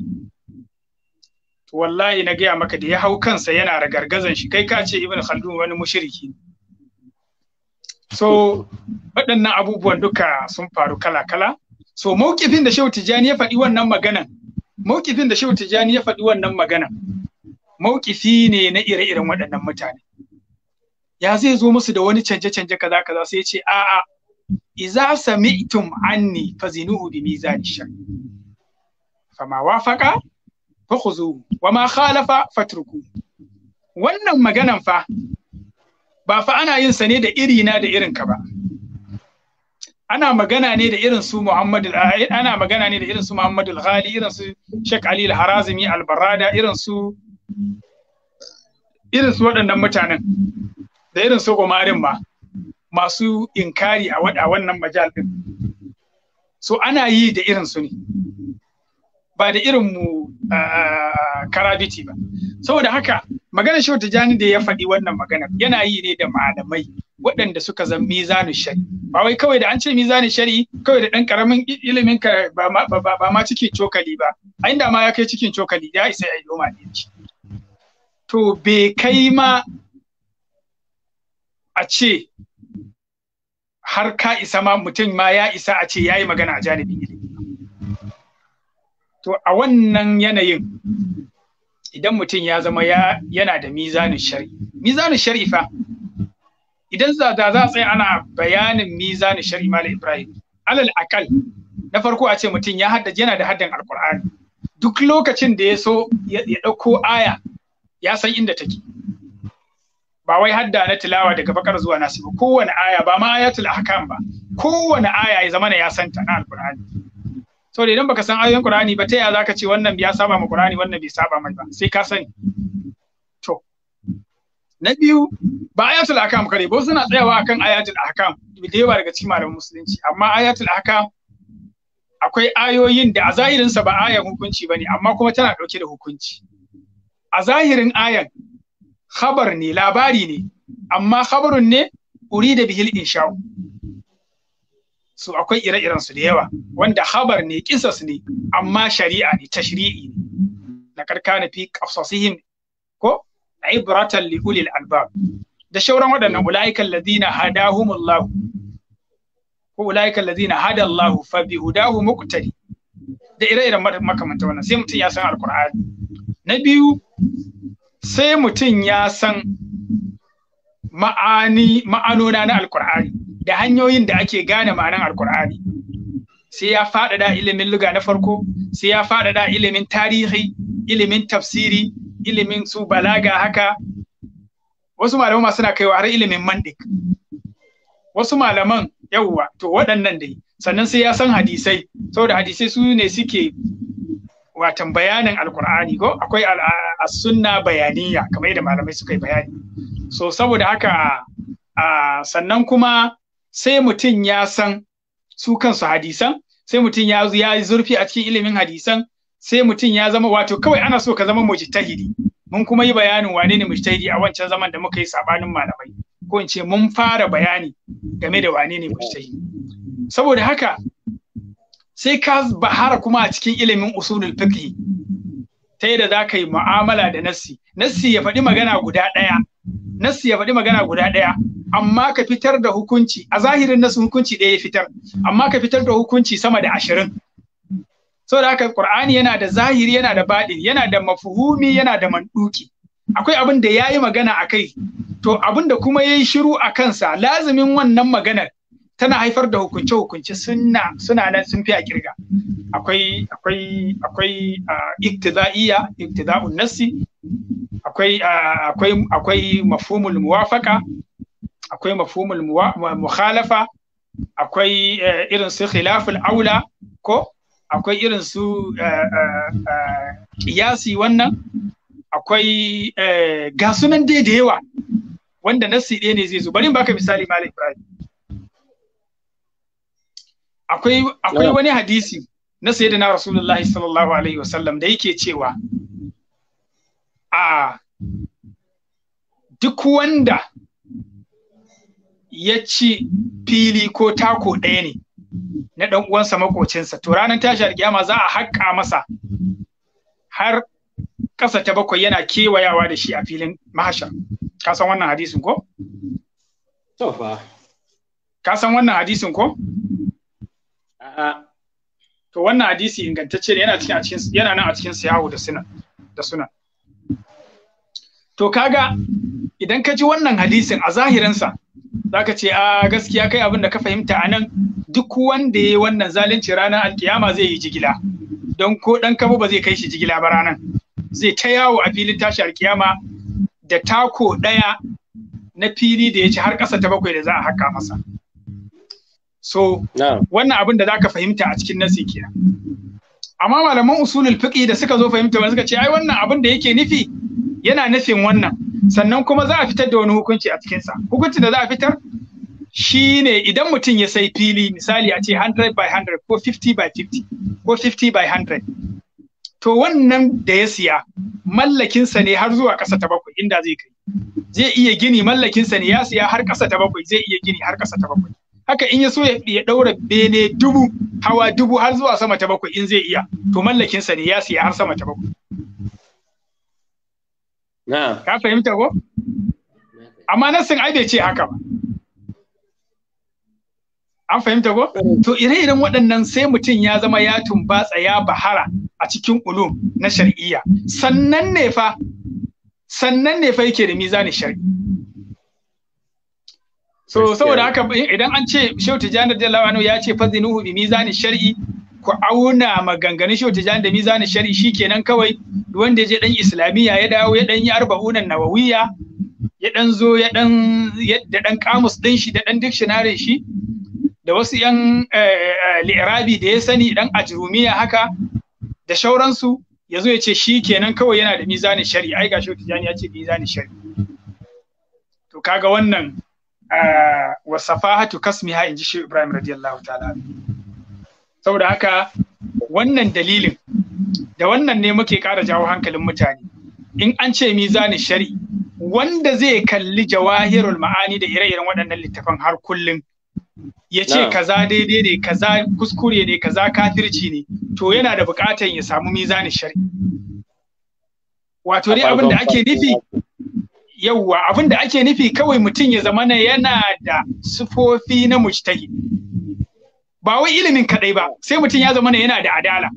wallahi na gaya maka da ya hau kansa yana ragargazan shi kai ka ce ibn khaldun wani mushriki ne So waɗannan abubuwan duka sun faru kala-kala. So mawkifin da Shehu Tijjani ya faɗi wannan maganan, mawkifin da Shehu Tijjani ya faɗi wannan maganan, Mauƙifi ne na ire-iren waɗannan mutane. Ya zai zo musu da wani canje-canje kaza kaza sai ya ce a'a iza sami'tum anni fazinuhu bi mizani shar. Fama wafaqa fakhuzu wa ma khalafa fatruku. Wannan maganan fa ba fa ana yin sa ne da iri na da irinka ba ana magana ne da irin su Muhammad ana magana ne da irin su Muhammad al-Ghali irin su Sheikh Ali al-Harazimi al-Barrada irin su irin su waɗannan mutanen da irin su gomarin ma masu inkari a wannan majal din so ana yi da irin su ne ba da irin mu karabiti ba saboda haka maganar shehu jani da ya faɗi wannan maganar yana yi ne da malamai waɗanda suka zan mizanu shari ba wai kawai da an ce mizanu shari kawai da ɗan ƙaramin ilimin ka ba ma cikin cokali ba a inda ma ya kai cikin cokali ya isa ya yi noma ne to bai kai ma a ce har ka isa ma mutum ma ya isa a ce ya yi magana a janibin ilimi to a wannan yanayin idan mutum ya zama yana da mizanin shari'i mizanin shari'i fa idan za da za tsaye ana bayanin mizanin shari'i malam ibrahim alal akal na farko a ce mutum ya haddace yana da haddan alqur'ani duk lokacin da ya so ya ɗauko aya ya san inda take ba wai hadda na tilawa daga bakar zuwa nasu ba kowane aya ba ma ayatul ahkam ba kowane aya ya zama ya santa na alkur'ani saboda idan baka san ayoyin Qur'ani ba ta yaya zaka ce wannan biya saba ma Qur'ani wannan bai saba mai ba sai ka sani to na biyu ba ayatul ahkam kare ba suna tsayawa akan ayatul ahkam da yawa daga cikin malaman musulunci amma ayatul ahkam akwai ayoyin da a zahirin sa ba ayan hukunci bane amma kuma tana dauke da hukunci a zahirin ayan khabar ne labari ne amma khabarun ne da bihil insha'u su akwai ire-iren su da yawa wanda habar ne kisas ne amma shari'a ne tashri'i ne na na fi qasasihim ko ibratan li ulil albab da shauran waɗannan ulaika alladhina hadahumullah ko ulaika alladhina hada Allah fa bi hudahu muqtadi da ire-iren makamanta wannan sai mutum ya san alqur'ani na biyu sai mutum ya san ma'ani ma'anona na alkur'ani da hanyoyin da ake gane ma'anan alkur'ani sai ya faɗaɗa ilimin luga na farko sai ya faɗaɗa ilimin tarihi ilimin tafsiri ilimin su balaga haka wasu malaman suna kaiwa har ilimin mandik wasu malaman yawwa to waɗannan dai sannan sai ya san hadisai saboda hadisai su ne suke watan bayanin alkur'ani ko akwai as-sunna bayaniya kamar yadda malamai suka yi bayani so saboda haka a sannan kuma sai mutum ya san su kansu hadisan sai mutum ya yi zurfi a cikin ilimin hadisan sai mutum ya zama wato kawai ana so ka zama mujtahidi mun kuma yi bayanin wane ne mujtahidi a wancan zaman da muka yi sabanin malamai ko in mun fara bayani game da wane ne mujtahidi saboda haka sai ka bahara kuma a cikin ilimin usulul fiqh ta yadda za ka yi mu'amala da nassi nassi ya faɗi magana guda ɗaya nassi ya faɗi magana guda ɗaya amma ka fitar da hukunci a zahirin nasu hukunci ɗaya ya fitar amma ka fitar da hukunci sama da ashirin saboda haka Al-ƙur'ani yana da zahiri yana da baɗi, yana da mafuhumi yana da manɗuki. akwai abin da yayi magana a kai to abin da kuma ya yi shiru a kansa lazimin wannan maganar tana haifar da hukunce hukunce suna suna nan sun fi a kirga akwai akwai akwai ah, iktiza'un nassi akwai akwai akwai mafhumul muwafaqa akwai mafhumul mukhalafa akwai e, irin su khilaful aula ko akwai irin su kiyasi e, e, wannan akwai sunan dai da yawa wanda nassi ɗaya ne zai zo bari baka misali malik ibrahim akwai akwai wani hadisi na sayyidina rasulullahi sallallahu alaihi wasallam da yake cewa a duk wanda ya ci fili ko tako ɗaya ne na ɗan uwansa makocinsa to ranar tashi alƙiyama za a haƙƙa masa har ƙasa ta bakwai yana kewayawa da shi a filin mahashar ka san wannan hadisin ko to fa ka san wannan hadisin ko a'a to wannan hadisi ingantacce ne yana cikin yana nan a cikin sahihu da suna da sunan To kaga idan ka ji wannan hadisin a zahirinsa za ka ce a gaskiya kai abin da ka fahimta a nan duk wanda ya yi wannan zalunci ranar alkiyama zai yi jigila don ko ɗan kabo ba zai kai shi jigila ba ranar zai ta yawo a filin tashi alkiyama da tako ɗaya na fili da ya ci har ƙasa ta bakwai da za a haka masa. So, wannan abin da za ka fahimta a cikin nasi kenan. Amma malaman usulul fiqi da suka zo fahimta ba suka ce ai wannan abin da yake nufi yana nufin wannan sannan kuma za a fitar da wani hukunci a cikinsa hukuncin da za a fitar shine idan mutum ya sai fili misali a ce 100 by 100 ko 50 by 50 ko 50 by 100 to wannan da ya siya mallakinsa ne har zuwa ƙasa ta bakwai inda zai kai zai iya gini mallakinsa ne ya siya har ƙasa ta bakwai zai iya gini har ƙasa ta bakwai haka in ya so ya ɗaura bene dubu hawa dubu har zuwa sama ta bakwai in zai iya to mallakinsa ne ya siya har sama ta bakwai Ka fahimta ko? Amma nassin ai bai ce haka ba. An fahimta ko? To ire-iren waɗannan sai mutum ya zama ya tumbatsa ya bahara a cikin ulum na shar'iyya. Sannan ne fa sannan ne fa yake da mizanin shari'i. So saboda haka idan an ce Shehu Tijjani radiyallahu anhu ya ce fazinuhu bi mizanin shari'i ku auna maganganun shehu tijani da mizanin shari kenan kawai wanda ya je dan islamiyya ya dawo ya dan yi arba'unan nawawiya ya dan zo ya dan da dan kamus din shi da dan dictionary shi da wasu yan eh, eh, li'rabi da ya sani dan ajrumiya haka da shauransu ya zo ya ce shi kenan kawai yana da mizanin shari ai ga shehu tijani ya ce mizanin shari to kaga wannan eh, wa safahatu kasmiha inji shehu ibrahim radiyallahu ta'ala saboda haka wannan dalilin da wannan ne muke ƙara jawo hankalin mutane in an ce mizanin shari wanda zai kalli jawahirul ma'ani da ire-iren waɗannan littafan har kullum ya ce kaza daidai ne kaza kuskure ne kaza kafirci ne to yana da buƙatar ya samu mizanin shari wato dai abin da ake nufi abin da ake nufi kawai mutum ya zama yana da sufofi na mujtahi ba wai ilimin kaɗai ba sai mutum ya zama yana da adala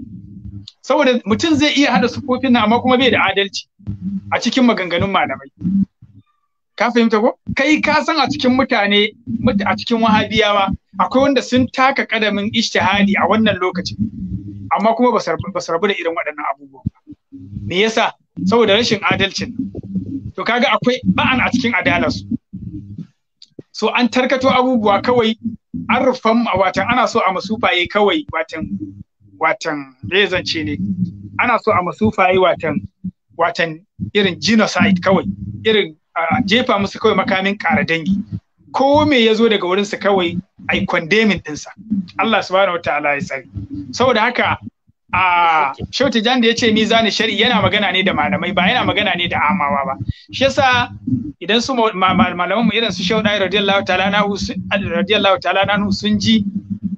saboda mutum zai iya hada sufofin nan amma kuma bai da adalci a cikin maganganun malamai ka fahimta ko kai ka san a cikin mutane a cikin wahabiyawa akwai wanda sun taka kadamin ishtihadi a wannan lokacin amma kuma ba su rabu da irin waɗannan abubuwan me yasa saboda rashin adalcin to kaga akwai ba'an a cikin adalarsu so an tarkato abubuwa kawai an rufan watan ana so a masufaye kawai watan watan zance ne ana so a masufaye watan watan irin genocide kawai irin a jefa musu kawai makamin ƙara dangi ko me ya zo daga wurinsa kawai a yi kwandemin ɗinsa Allah subhanahu wa ta'ala ya tsari saboda haka a shautu da ya ce zani shari'i yana magana ne da malamai ba yana magana ne da amawa ba shi yasa idan su malaman mu irin su shauɗa radiyallahu ta'ala na radiyallahu ta'ala na sun ji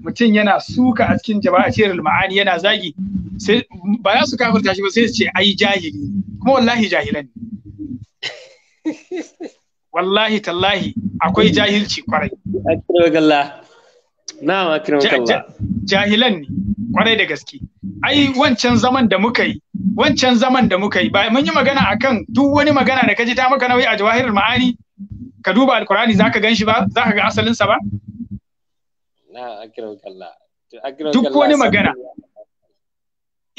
mutum yana suka a cikin jama'atirul ma'ani yana zagi sai ba za su kafirta shi ba sai su ce ai jahili kuma wallahi jahilan wallahi tallahi akwai jahilci kwarai na'am Allah jahilan ne kwarai da gaske ai wancan zaman da muka yi wancan zaman da muka yi ba mun yi magana akan duk wani magana da kaji ta maka nauyi a jawahirul ma'ani ka duba alqur'ani zaka ganshi ba zaka ga asalin sa ba na akramaka Allah duk wani magana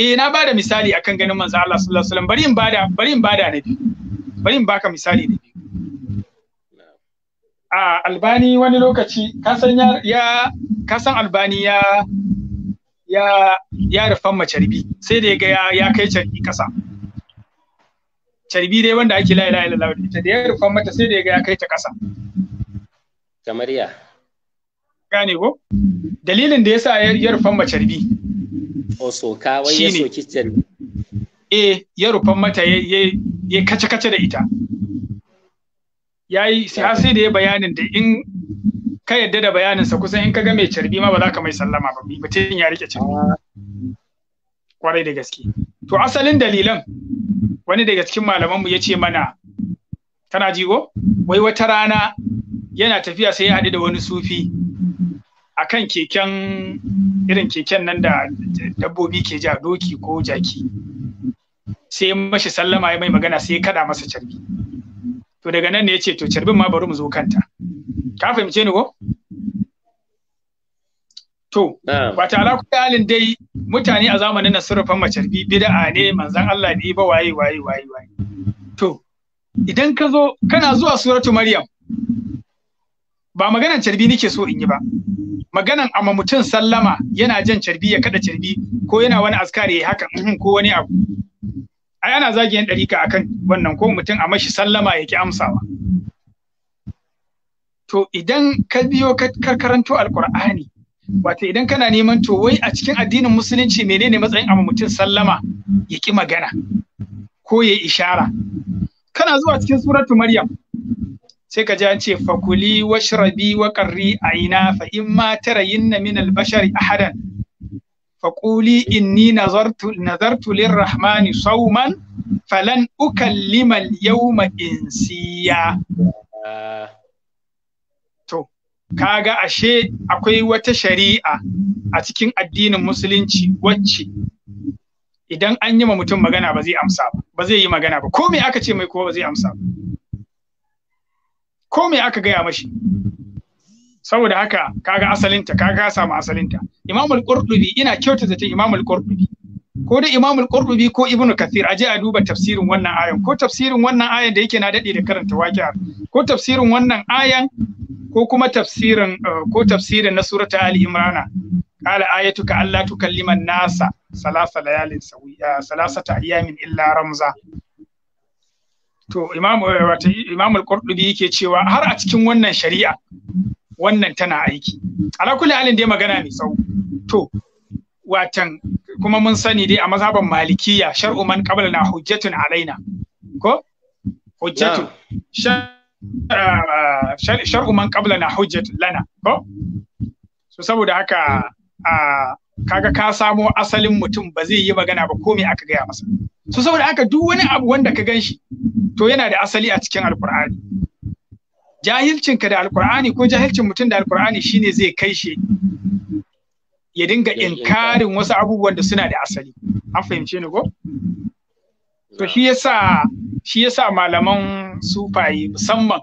eh na bada misali akan ganin manzo Allah sallallahu alaihi wasallam bari in bada bari in bada na biyu bari in baka misali na biyu a albani wani lokaci kasan ya, kasan albani ya ya ya rufan ma carbi sai da ga ya, ya kai carbi kasa carbi dai wanda ake la ilaha illallah da ita da ya rufan mata sai da ga ya kai ta kasa kamar ya gane ko dalilin da yasa ya, ya rufan ma carbi o soka wai ya soki carbi eh ya rufan mata ya ya kace kace da ita ya yi sai da ya bayanin da in ka yadda da bayanin sa kusan in ka ga mai carbi ma ba za ka mai sallama ba mutum ya rike carbi kwarai da gaske to asalin dalilan wani daga cikin malamanmu ya ce mana kana jigo wai wata rana yana tafiya sai ya haɗu da wani sufi a kan keken irin keken nan da dabbobi ke ja doki ko jaki sai mashi sallama ya mai magana sai ya kada masa carbi to daga nan ne ya ce to carbin ma bari mu zo kanta ka fahimce ni ko to ba ta ala da halin dai mutane a zamanin nan surufan macarbi bid'a ne manzan Allah ne ba waye waye waye waye to idan ka zo kana zuwa suratu maryam ba maganan carbi nake so in yi ba maganan amma mutum sallama yana jan carbi ya kada carbi ko yana wani askari ya haka mm-hmm, ko wani abu ai ana zagi yan ɗarika akan wannan ko mutum a mashi sallama ya ki amsawa to idan ka biyo ka karanto alkur'ani wato idan kana neman to wai a cikin addinin musulunci menene matsayin amma mutum sallama ya ki magana ko ya ishara kana zuwa cikin suratu maryam sai ka ji an ce fakuli washrabi wa qarri aina fa in ma tarayinna min al-bashari ahadan فقولي إني نظرت نظرت للرحمن صوما فلن أكلم اليوم إنسيا to kaga ashe akwai wata shari'a a cikin addinin musulunci wacce idan an yi ma mutum magana ba zai yi magana ba ko me aka ce mai kowa ba zai amsa ba ko me aka gaya mashi saboda haka kaga asalinta kaga samu asalinta imam al-qurtubi ina kyauta zaton imam al-qurtubi ko da imam al-qurtubi ko ibn kathir aje a duba tafsirin wannan ayan ko tafsirin wannan ayan da yake na dade da karanta waqi'a ko tafsirin wannan ayan ko kuma tafsirin eh, ko tafsirin na surata ali imran qala ayatuka allah tukalliman nasa salasa layalin sawiya eh, salasata ayyamin illa ramza to imam eh, wata imam al-qurtubi yake cewa har a cikin wannan shari'a wannan tana aiki ala kulli halin dai magana ne tsawo to watan kuma mun sani dai a mazhaban malikiya shar'u man qabla na hujjatun alaina ko hujjatu ah, shar'u man qabla na hujjatun lana ko so saboda haka a ah, kaga ka samo asalin mutum ba zai yi magana ba komai aka gaya masa so saboda haka duk wani abu wanda ka ganshi to yana da asali a cikin alkur'ani Jahilcin ka da alkur'ani ko jahilcin mutum da alkur'ani shine zai kai shi ya dinga inkarin wasu abubuwan da suna da asali an fahimce ni ko to shi yasa shi yasa malaman sufaye musamman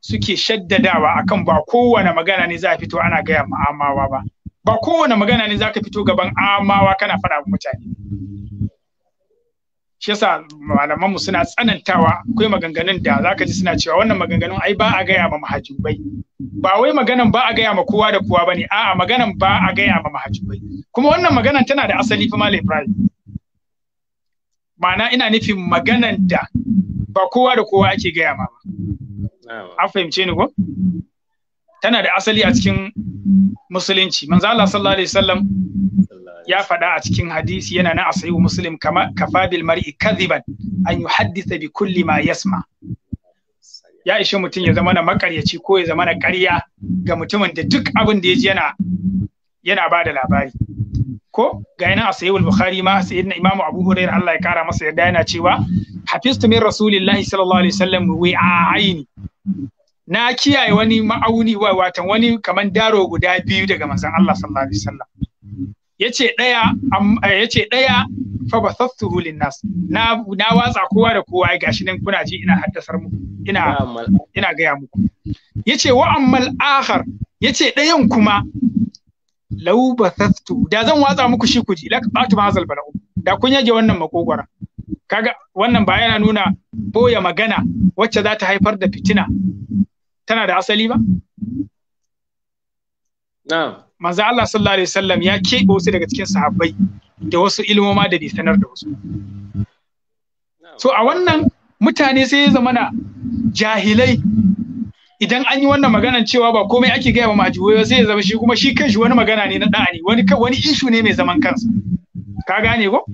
suke shaddadawa akan ba kowane magana ne za a fito ana gaya ma amawa ba ba kowane magana ne za ka fito gaban amawa kana faɗa mutane shi yasa malamanmu suna tsanantawa akwai maganganun da zaka ji suna cewa wannan maganganun ai ba a gaya ma mahajubai ba wai maganan ba a gaya ma kowa da kowa bane a'a maganan ba a gaya ma mahajubai kuma wannan maganan tana da asali fa malai ibrahim ma'ana ina nufin maganan da ba kowa da kowa ake gaya ma ba a fahimce ni ko tana da asali a cikin musulunci manzo Allah sallallahu alaihi wasallam ya faɗa a cikin hadisi yana na asayu muslim kama kafabil bil mar'i kadhiban an yuhaddisa bi kulli ma yasma ya ishe mutum ya zama na makaryaci ko ya zama na ƙarya ga mutumin da duk abin da ya ji yana yana ba da labari ko ga yana a sayyid bukhari ma sayyidina imam abu hurairah Allah ya kara masa yadda yana cewa hafiztu min rasulillahi sallallahu alaihi wasallam wa aini na kiyaye wani ma'auni wa watan wani kaman daro guda biyu daga manzon Allah sallallahu alaihi wasallam yace daya eh, yace daya fa basathu linnas na na watsa kowa da kowa gashi nan kuna ji ina haddasar muku ina ina gaya muku yace wa ammal akhar yace dayan kuma lau basathu da zan watsa muku shi kuji la batu mazal bala'u da kun yage wannan makogwara kaga wannan ba yana nuna boye magana wacce za ta haifar da fitina tana da asali ba Na. manzo Allah sallallahu alaihi wasallam ya keɓe wasu daga cikin sahabbai da wasu ilmoma da bai sanar da wasu so a wannan mutane sai ya na jahilai idan an yi wannan maganan cewa ba komai ake gaya ba wa ba sai ya zama shi kuma shi kanshi wani magana ne na ɗani wani wani ishu ne mai zaman kansa ka gane ko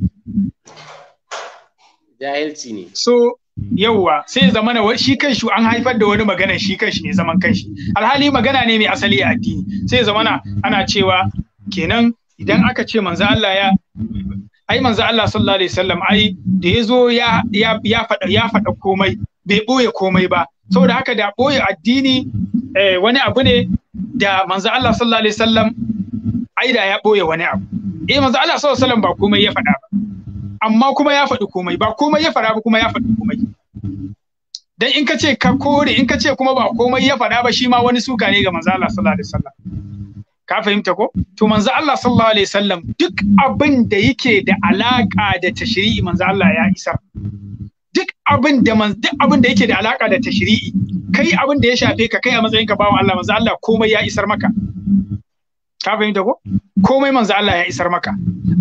jahilci ne so yauwa sai zama na shi kanshi an haifar da wani magana shi kanshi mai zaman kanshi alhali magana ne mai asali a addini sai zama na ana cewa kenan idan aka ce manzo Allah ya ai manzo Allah sallallahu alaihi wasallam ai da yazo ya ya ya faɗa ya fada komai bai ɓoye komai ba saboda haka da ɓoye addini eh, wani abu ne da manzo Allah sallallahu alaihi wasallam ai da ya ɓoye wani abu eh manzo Allah sallallahu alaihi wasallam ba komai ya faɗa amma kuma ya faɗi komai ba komai ya faɗa ba kuma ya faɗi komai dan in ka ce ka kore in ka ce kuma ba komai ya faɗa ba shi ma wani suka ne ga manzo Allah sallallahu alaihi wasallam ka fahimta ko to manzo Allah sallallahu alaihi wasallam duk abin da yake da alaka da tashri'i manzo Allah ya isar duk abin da duk abin da yake da alaka da tashri'i kai abin da ya shafe ka kai a matsayin ka bawan Allah manzo Allah komai ya isar maka ka fahimta ko komai manzo Allah ya isar maka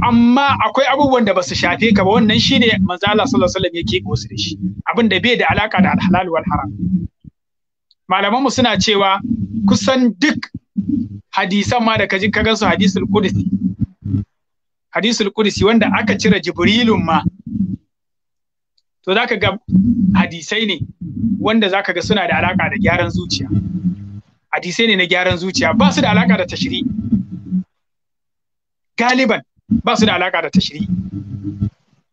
amma akwai abubuwan da basu shafe ka ba wannan shine manzo Allah sallallahu alaihi wasallam yake gosu da shi abin da bai da alaka da halal wal haram malaman mu suna cewa kusan duk hadisan ma da ka ji ka su hadisul qudsi hadisul qudsi wanda aka cire jibrilun ma to zaka ga hadisai ne wanda zaka ga suna da alaka da gyaran zuciya hadisai ne na gyaran zuciya ba su da alaka da tashiri galiban ba su da alaka da tashiri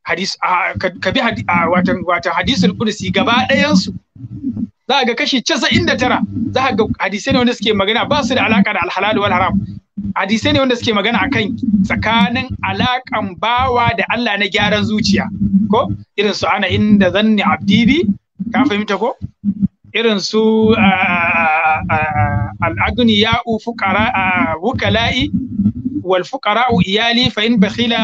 hadis ka bi watan watan hadisul qudsi gaba ɗayan su za ga kashi 99 za ga hadisai ne wanda suke magana ba su da alaka da alhalal wal haram hadisai ne wanda suke magana akan tsakanin alakan bawa da Allah na gyaran zuciya ko irin su ana inda zanni abdibi ka fahimta ko irin su al-aghniya'u fuqara wukala'i iyali fa in bakhila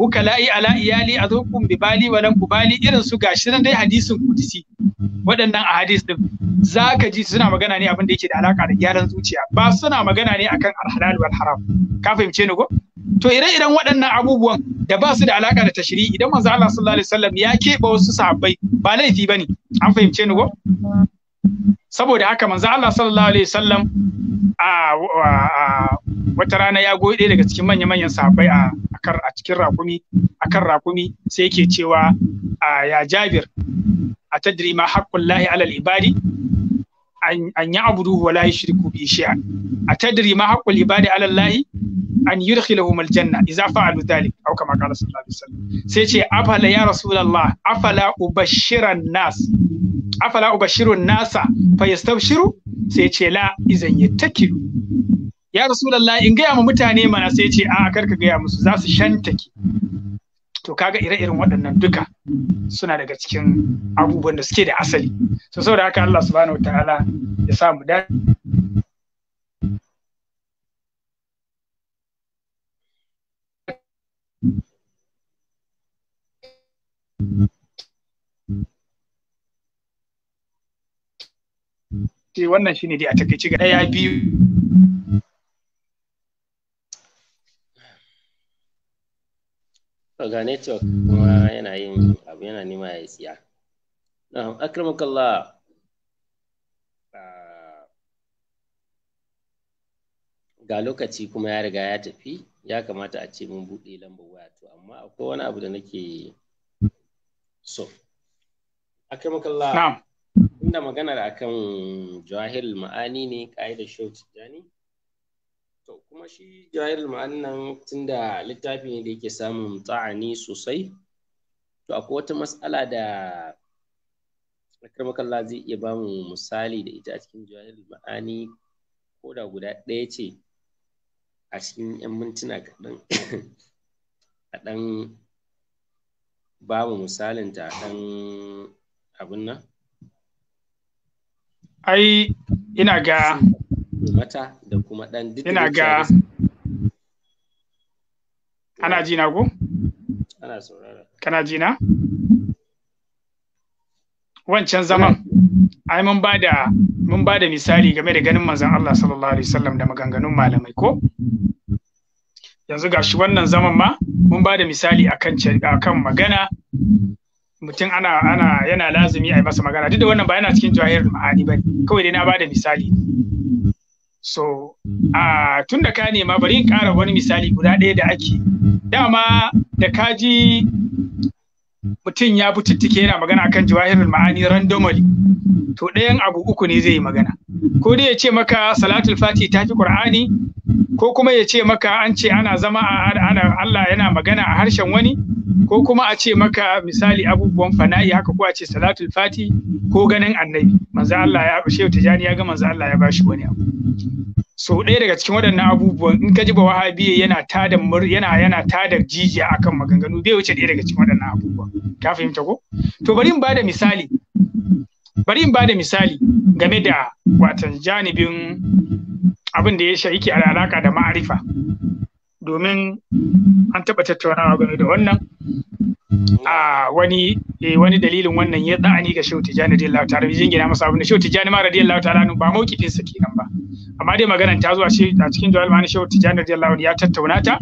wukala'i ala iyali azukum bibali wa lam kubali irin su gashi nan dai hadisin kudisi waɗannan ahadis din zaka ji suna magana ne abin da yake da alaka da gyaran zuciya ba suna magana ne akan al-halal haram ka fahimce ni ko to ire waɗannan abubuwan da ba su da alaka da tashiri idan manzo Allah sallallahu alaihi ya keɓe wasu sahabbai ba laifi bane an fahimce ni ko saboda haka manzo Allah sallallahu alaihi wasallam a wata rana ya goyi ɗaya daga cikin manya manyan sahabbai a akar a cikin rakumi akan rakumi sai yake cewa ya Jabir a tadri ma lahi, alal ibadi an ya'buduhu wa la yushriku bi shay'an a tadri ma haqqul ibadi ala lahi. an yudkhilahum aljanna idza fa'alu dhalik aw kama qala sallallahu alaihi wasallam sai ce afala ya rasulullah afala ubashiran nas afala ubashirun nasa fa yastabshiru sai ce la idan yattakilu ya rasulullah in gaya ma mutane mana sai ce a kar ka gaya musu za su shantake to kaga ire-iren waɗannan duka suna daga cikin abubuwan da suke da asali so saboda haka Allah subhanahu ta'ala ya samu dace ce wannan shine dai a takaice ga ɗaya biyu ga network kuma yana yin abu yana nema ya siya na'am akramakallah ah, ga lokaci kuma ya riga ya tafi ya kamata a ce mun buɗe lambar waya to amma akwai wani abu da nake so akramakallah na'am inda maganar akan jahil ma'ani ne ƙa'idar shau tijjani to kuma shi jahil ma'ani nan tunda littafi ne da yake samun ta'ani sosai to akwai wata matsala da akramakallah zai iya bamu misali da ita a cikin jahil ma'ani ko da guda ɗaya ce a cikin 'yan mintuna kaɗan a bamu misalin ta ɗan abin nan ai ina ga mata da kuma dan ina ga ana ji na ko ana saurara kana ji na wancan zaman ai mun bada mun bada misali game da ganin manzon Allah sallallahu alaihi wasallam da maganganun malamai ko yanzu gashi wannan zaman ma mun bada misali akan akan magana mutum ana ana yana lazumi a yi masa magana duk da wannan ba yana cikin jawahir ma'ani ba kawai dai na bada misali so a tun da ka nema bari in ƙara wani misali guda ɗaya da ake dama da kaji mutum ya fitittike yana magana akan jawahirul ma'ani randomly to ɗayan abu uku ne zai yi magana ko dai ya ce maka salatul fati ta fi qur'ani ko kuma ya ce maka an ce ana zama a ana Allah yana magana a harshen wani ko kuma a ce maka misali abubuwan fana'i haka ko a ce salatul fati ko ganin annabi manzo Allah ya shehu tijani ya ga manzo Allah ya bashi wani abu so ɗaya daga cikin waɗannan abubuwan in ka ji ba wahabi yana tada yana yana tada jijiya akan maganganu bai wuce ɗaya daga cikin waɗannan abubuwan ka fahimta ko to bari in da misali bari in da misali game da watan janibin abin da ya shaiki a alaka da ma'arifa domin an taɓa tattaunawa game da wannan a wani eh, wani dalilin wannan ya tsani ga shehu tijani radiyallahu ta'ala bi jingina masa abin da shehu tijani ma radiyallahu ta'ala ba mawkifin sa kenan ba amma dai maganar ta zuwa shi a cikin jawal ma'ani shehu tijani radiyallahu ya tattauna ta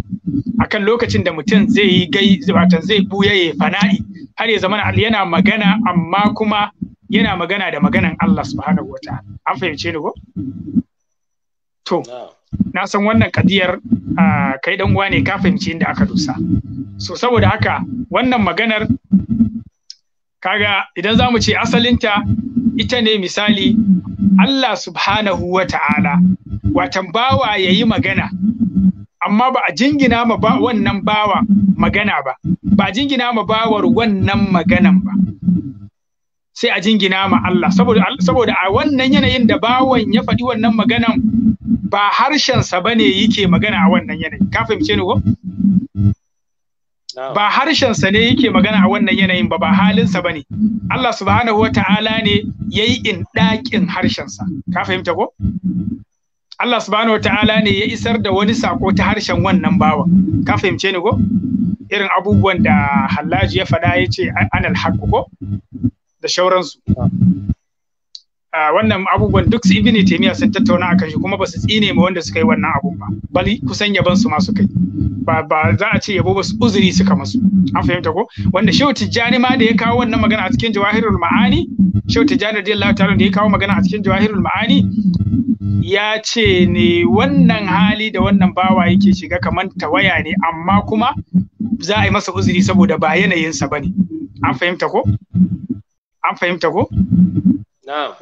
akan lokacin da mutum zai yi gai watan zai buya ya fana'i har ya zama yana magana amma kuma yana magana da maganan Allah subhanahu wataala an fahimce ni ko to na san wannan kadiyar kai dan uwa ne ka fahimci inda aka dosa so saboda haka wannan maganar kaga idan za mu ce asalinta ita ne misali Allah subhanahu wa ta'ala watan bawa ya yi magana amma ba a jingina ma ba wannan bawa magana ba ba a jingina ma bawar wannan maganan ba sai a jingina ma Allah saboda a wannan yanayin da bawan ya faɗi wannan maganan ba harshensa ba ne yake magana a wannan yanayi ka fahimce ni ko ba harshensa ne yake magana a wannan yanayin ba ba halinsa ba ne Allah subhanahu wata'ala ne ya yi in ɗakin harshensa ka fahimta ko Allah subhanahu wata'ala ne ya isar da wani sako ta harshen wannan bawa ka fahimce ni ko irin abubuwan da hallaji ya faɗa ya ce anal ko da shauransu wannan abubuwan duk su ibini taymiya sun tattauna a shi kuma ba su tsine ma wanda suka yi wannan abun ba bali kusan yaban su ma suka yi ba ba za a ce yabo ba su uzuri suka masu an fahimta ko wanda shehu tijjani ma da ya kawo wannan magana a cikin jawahirul ma'ani shehu tijjani radiyallahu ta'ala da ya kawo magana a cikin jawahirul ma'ani ya ce ne wannan hali da wannan bawa yake shiga kamar tawaya ne amma kuma za a yi masa uzuri saboda ba yanayinsa ba ne an fahimta ko an fahimta ko na'am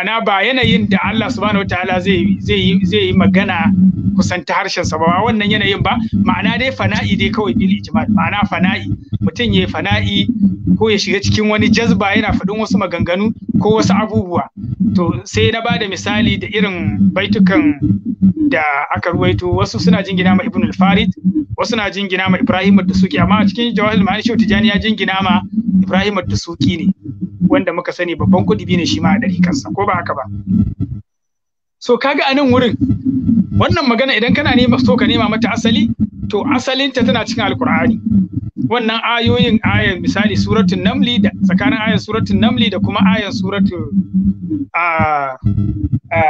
ana ba yanayin da Allah subhanahu wataala zai zai zai yi magana kusanta harshen sa ba wannan yanayin ba ma'ana dai fana'i dai kawai bil ijmal ma'ana fana'i mutum yayi fana'i ko ya shiga cikin wani jazba yana faɗin wasu maganganu ko wasu abubuwa to sai na bada misali da irin baitukan da aka ruwaito wasu suna jingina ma ibnul farid wasu na jingina ma ibrahim ad suki amma cikin jawahil ma'ani shi tijani ya jingina ma ibrahim ad suki ne wanda muka sani babban kuɗi ne shi ma a ɗari kansa ko ba haka ba so kaga a nan wurin wannan magana idan kana nema so ka nema mata asali to asalinta tana cikin alkur'ani wannan ayoyin ayan misali suratul namli da tsakanin ayan suratul namli da kuma ayan suratul a a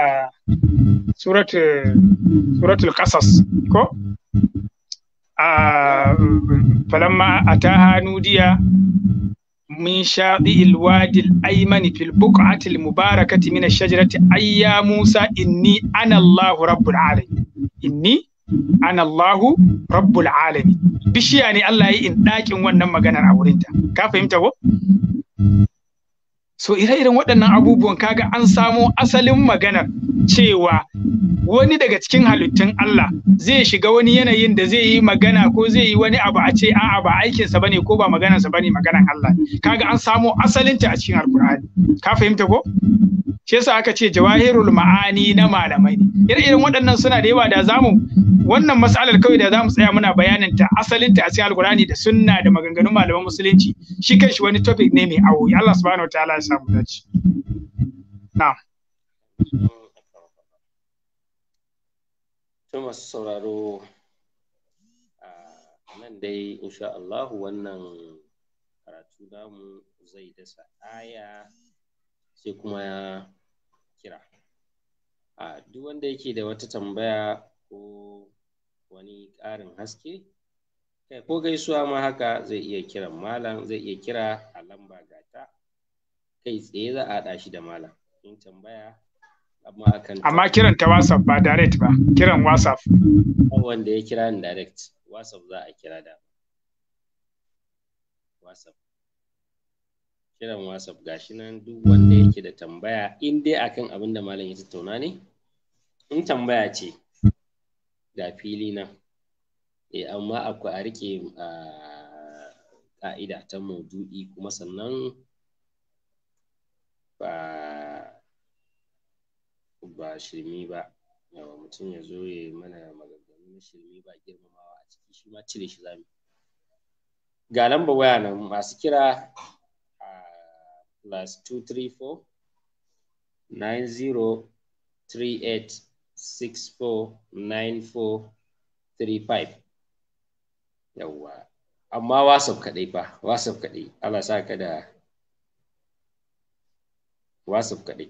suratul suratul qasas ko a falamma ataha nudiya min shaɗi ilwadil aimani fil buqatil mubarakati mina shajarati ayya musa inni ana allahu rabbul alamin inni ana Allahu rabbul alami bishiya ne Allah yi in wannan maganar a wurinta ka fahimta ko so ire-iren waɗannan abubuwan kaga an samo asalin maganar cewa wani daga cikin halittun Allah zai shiga wani yanayin da zai yi magana ko zai yi wani abu a ce a'a ba aikinsa bane ko ba maganarsa bane maganar Allah kaga an samo asalinta a cikin alkur'ani ka fahimta ko shi yasa aka ce jawahirul ma'ani na malamai ire-iren waɗannan suna da yawa da zamu wannan mas'alar kawai da zamu tsaya muna bayanin ta asalinta a cikin alkur'ani da sunna da maganganun malaman musulunci shi kanshi wani topic ne mai awo Allah subhanahu wataala sa Na. masu sauraro a nan dai insha Allah wannan karatu namu zai dasa aya sai kuma ya kira a duk wanda yake da wata tambaya ko wani ƙarin haske ko gaisuwa ma haka zai iya kiran malam zai iya kira a lamba ga kai tsaye za a haɗa shi da malam in tambaya amma akan amma kiran ta whatsapp ba direct ba kiran whatsapp wanda ya kira ni direct whatsapp za a kira da whatsapp kiran whatsapp gashi nan duk wanda yake da tambaya in dai akan abin da malam ya tattauna ne in tambaya ce ga fili nan e amma akwai a rike a ah, ka'ida ta maudu'i kuma sannan ba ba shirme ba yawwa mutum ya zo ya mana maganganu na shirme ba girmamawa a ciki shi ma cire shi zamu ga lamba waya nan masu kira plus two three four nine zero three eight six four nine four three five yawwa amma wasaf kaɗai fa wasaf kaɗai Allah sa ka da wasif kaɗai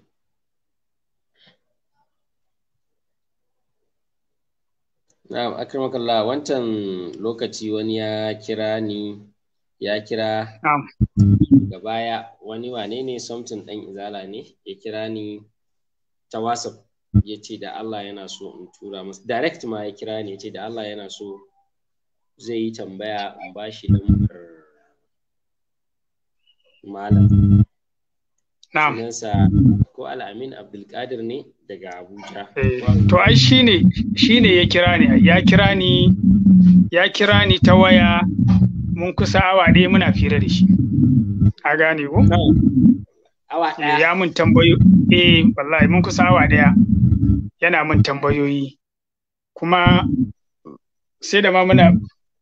na'am akramakallah wancan lokaci wani ya kira ni ya kira da baya wani wane ne something ɗan izala ne ya kira ni ta wasaf ya ce da Allah yana so in tura masa direct ma ya kira ni ya ce da Allah yana so zai yi tambaya in ba shi lambar malam sunansa ko al'amin abdulkadir ne daga abuja eh, to ai shine shine ya kira ni ya kira ni ya kira ni ta waya mun kusa awa ɗaya muna fira da shi a gane ku? awa ɗaya ya mun tambayo eh wallahi mun kusa awa ɗaya yana mun tambayoyi kuma sai da ma muna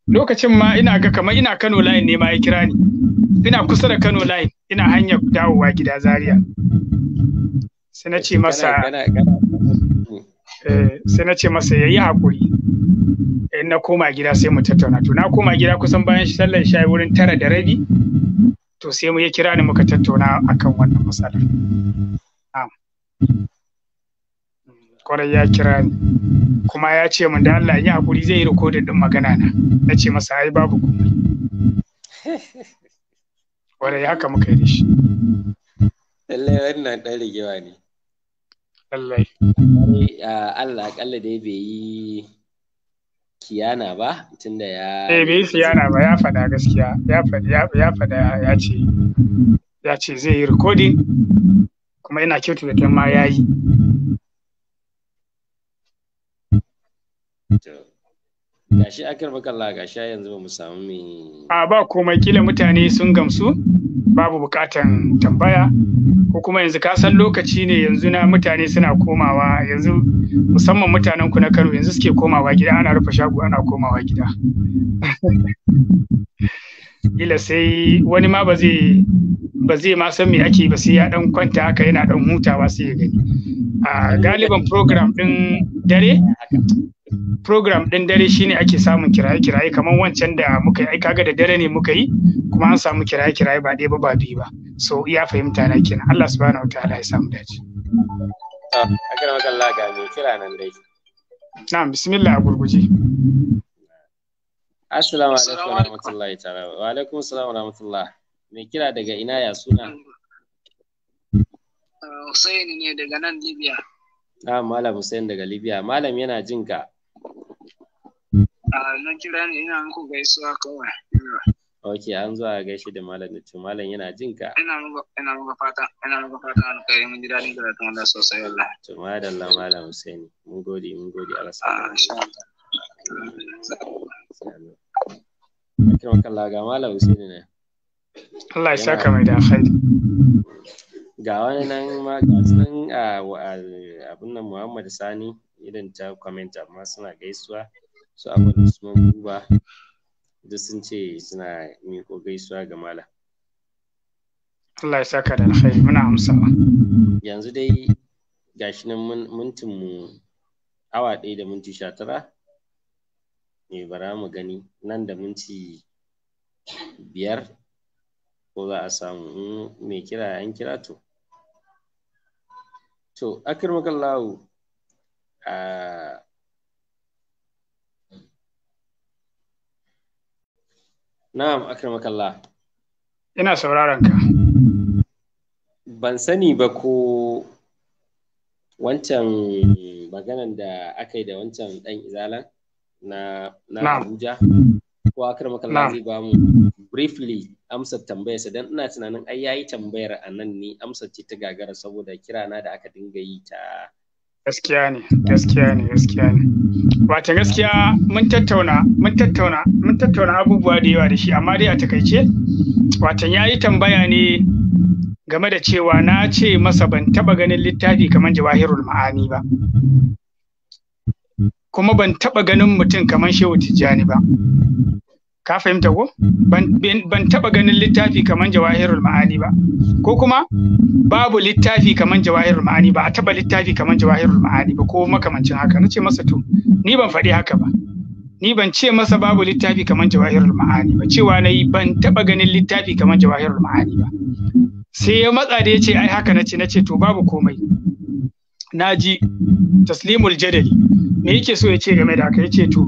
lokacin ma ina ga kamar ina Kano line ne ma ya kira ni ina kusa da Kano line ina hanyar dawowa gida Zaria sai na ce masa eh, sai na ce masa yayi hakuri in eh, na koma gida sai mu tattauna to na koma gida kusan bayan sallar shayi wurin tara da rabi to sai mu ya kira ni muka tattauna akan wannan matsalar kwarai ya kira ni kuma ya ce min da Allah yi hakuri zai yi rikodin din magana na na ce masa ai babu komai kwarai haka muka yi shi lallai wannan dan rigewa ne lallai Allah akalla dai bai yi kiyana ba tunda ya eh bai yi kiyana ba ya fada gaskiya ya faɗa ya fada ya ce ya ce zai yi rikodin kuma ina kyautu da ma ya yi Mm. gashi akar bakalla gashi yanzu ba samu mai a ba komai kila mutane sun gamsu babu bukatan tambaya ko kuma yanzu ka san lokaci ne yanzu na mutane suna komawa yanzu musamman mutanen ku na Kano yanzu suke komawa gida ana rufe shago ana komawa gida kila sai wani ma ba zai ba zai ma san me ake ba sai ya ɗan kwanta haka yana ɗan hutawa sai ya gani a galiban program ɗin dare program ɗin dare shine ake samun kiraye-kiraye kamar wancan da muka yi kaga da dare ne muka yi kuma an samu kiraye-kiraye ba ɗaya ba ba biyu ba so ya fahimta na kenan Allah subhanahu wataala ya samu dace ah, a kira Allah ga me kira nan dai na'am bismillah a gurguje assalamu alaikum wa rahmatullahi ta'ala wa alaikum assalam wa rahmatullah me kira daga ina ya suna ah, Hussein ne daga nan Libya na'am malam Hussein daga Libya malam yana jin ka na kira ne ina muku gaisuwa kawai. Ok, an zo a gaishe da Malam Nutu. Malam yana jin ka. Ina muka ina muka fata, ina muka fata an kai mun ji dadin karatun Allah sosai Allah. To madalla Malam Husaini. Mun gode, mun gode Allah sa. Ah, insha Allah. Kiran kalla ga Malam Husaini ne. Allah ya saka mai da alkhairi. Ga wani nan ma ga ah, a ah, abun nan Muhammad Sani irin ta comment amma suna gaisuwa. su abin usman buba duk sun ce suna miko gaisuwa ga malam Allah ya saka da alkhairi muna amsa. yanzu dai gashi nan mintin mu awa ɗaya da minti sha tara me bara mu gani nan da minti biyar ko za a samu mai kira an kira to to akirmakallahu a Na'am, Allah. Ina sauraron ka. Ban sani ba ko wancan maganan da aka yi da wancan ɗan izalan na, na Abuja. Ko Allah zai ba mu briefly amsar tambayarsa don ina tunanin ai yayi tambayar a nan ne amsar ce ta gagara saboda kirana da aka dinga yi ta gaskiya ne gaskiya ne gaskiya ne wata gaskiya mun tattauna mun tattauna mun tattauna abubuwa da yawa da shi amma dai a takaice watan ya yi tambaya ne game da cewa na ce masa ban taba ganin littafi kamar jawahirul ma'ani ba kuma ban taba ganin mutum kamar shehu tijjani ba ka fahimta ko ban taba ganin littafi kaman jawahirul ma'ani ba ko kuma babu littafi kamar jawahirul ma'ani ba a taba littafi kamar jawahirul ma'ani ba ko makamancin haka na ce masa to ni ban faɗi haka ba ni ban ce masa babu littafi kaman jawahirul ma'ani ba cewa na yi ban taba ganin littafi kaman jawahirul ma'ani ba sai ya matsa da ya ce ai haka na ce to babu komai naji taslimul jadali me yake so ya ce game da haka yace to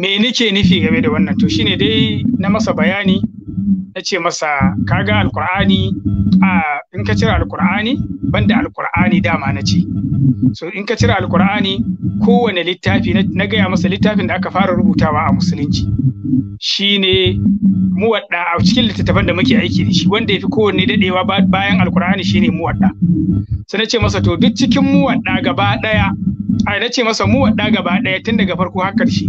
me nake nufi game da wannan to shine dai na masa bayani na ce masa kaga alkur'ani a in ka cire alkur'ani banda alkur'ani dama na ce so in ka cire alkur'ani kowane littafi na gaya masa littafin da aka fara rubutawa a musulunci shine muwadda a cikin littattafan da muke aiki da shi wanda ya fi kowanne dadewa bayan alkur'ani shine muwadda sai na ce masa to duk cikin muwadda gaba daya ai na ce masa muwadda gaba daya tun daga farko har karshe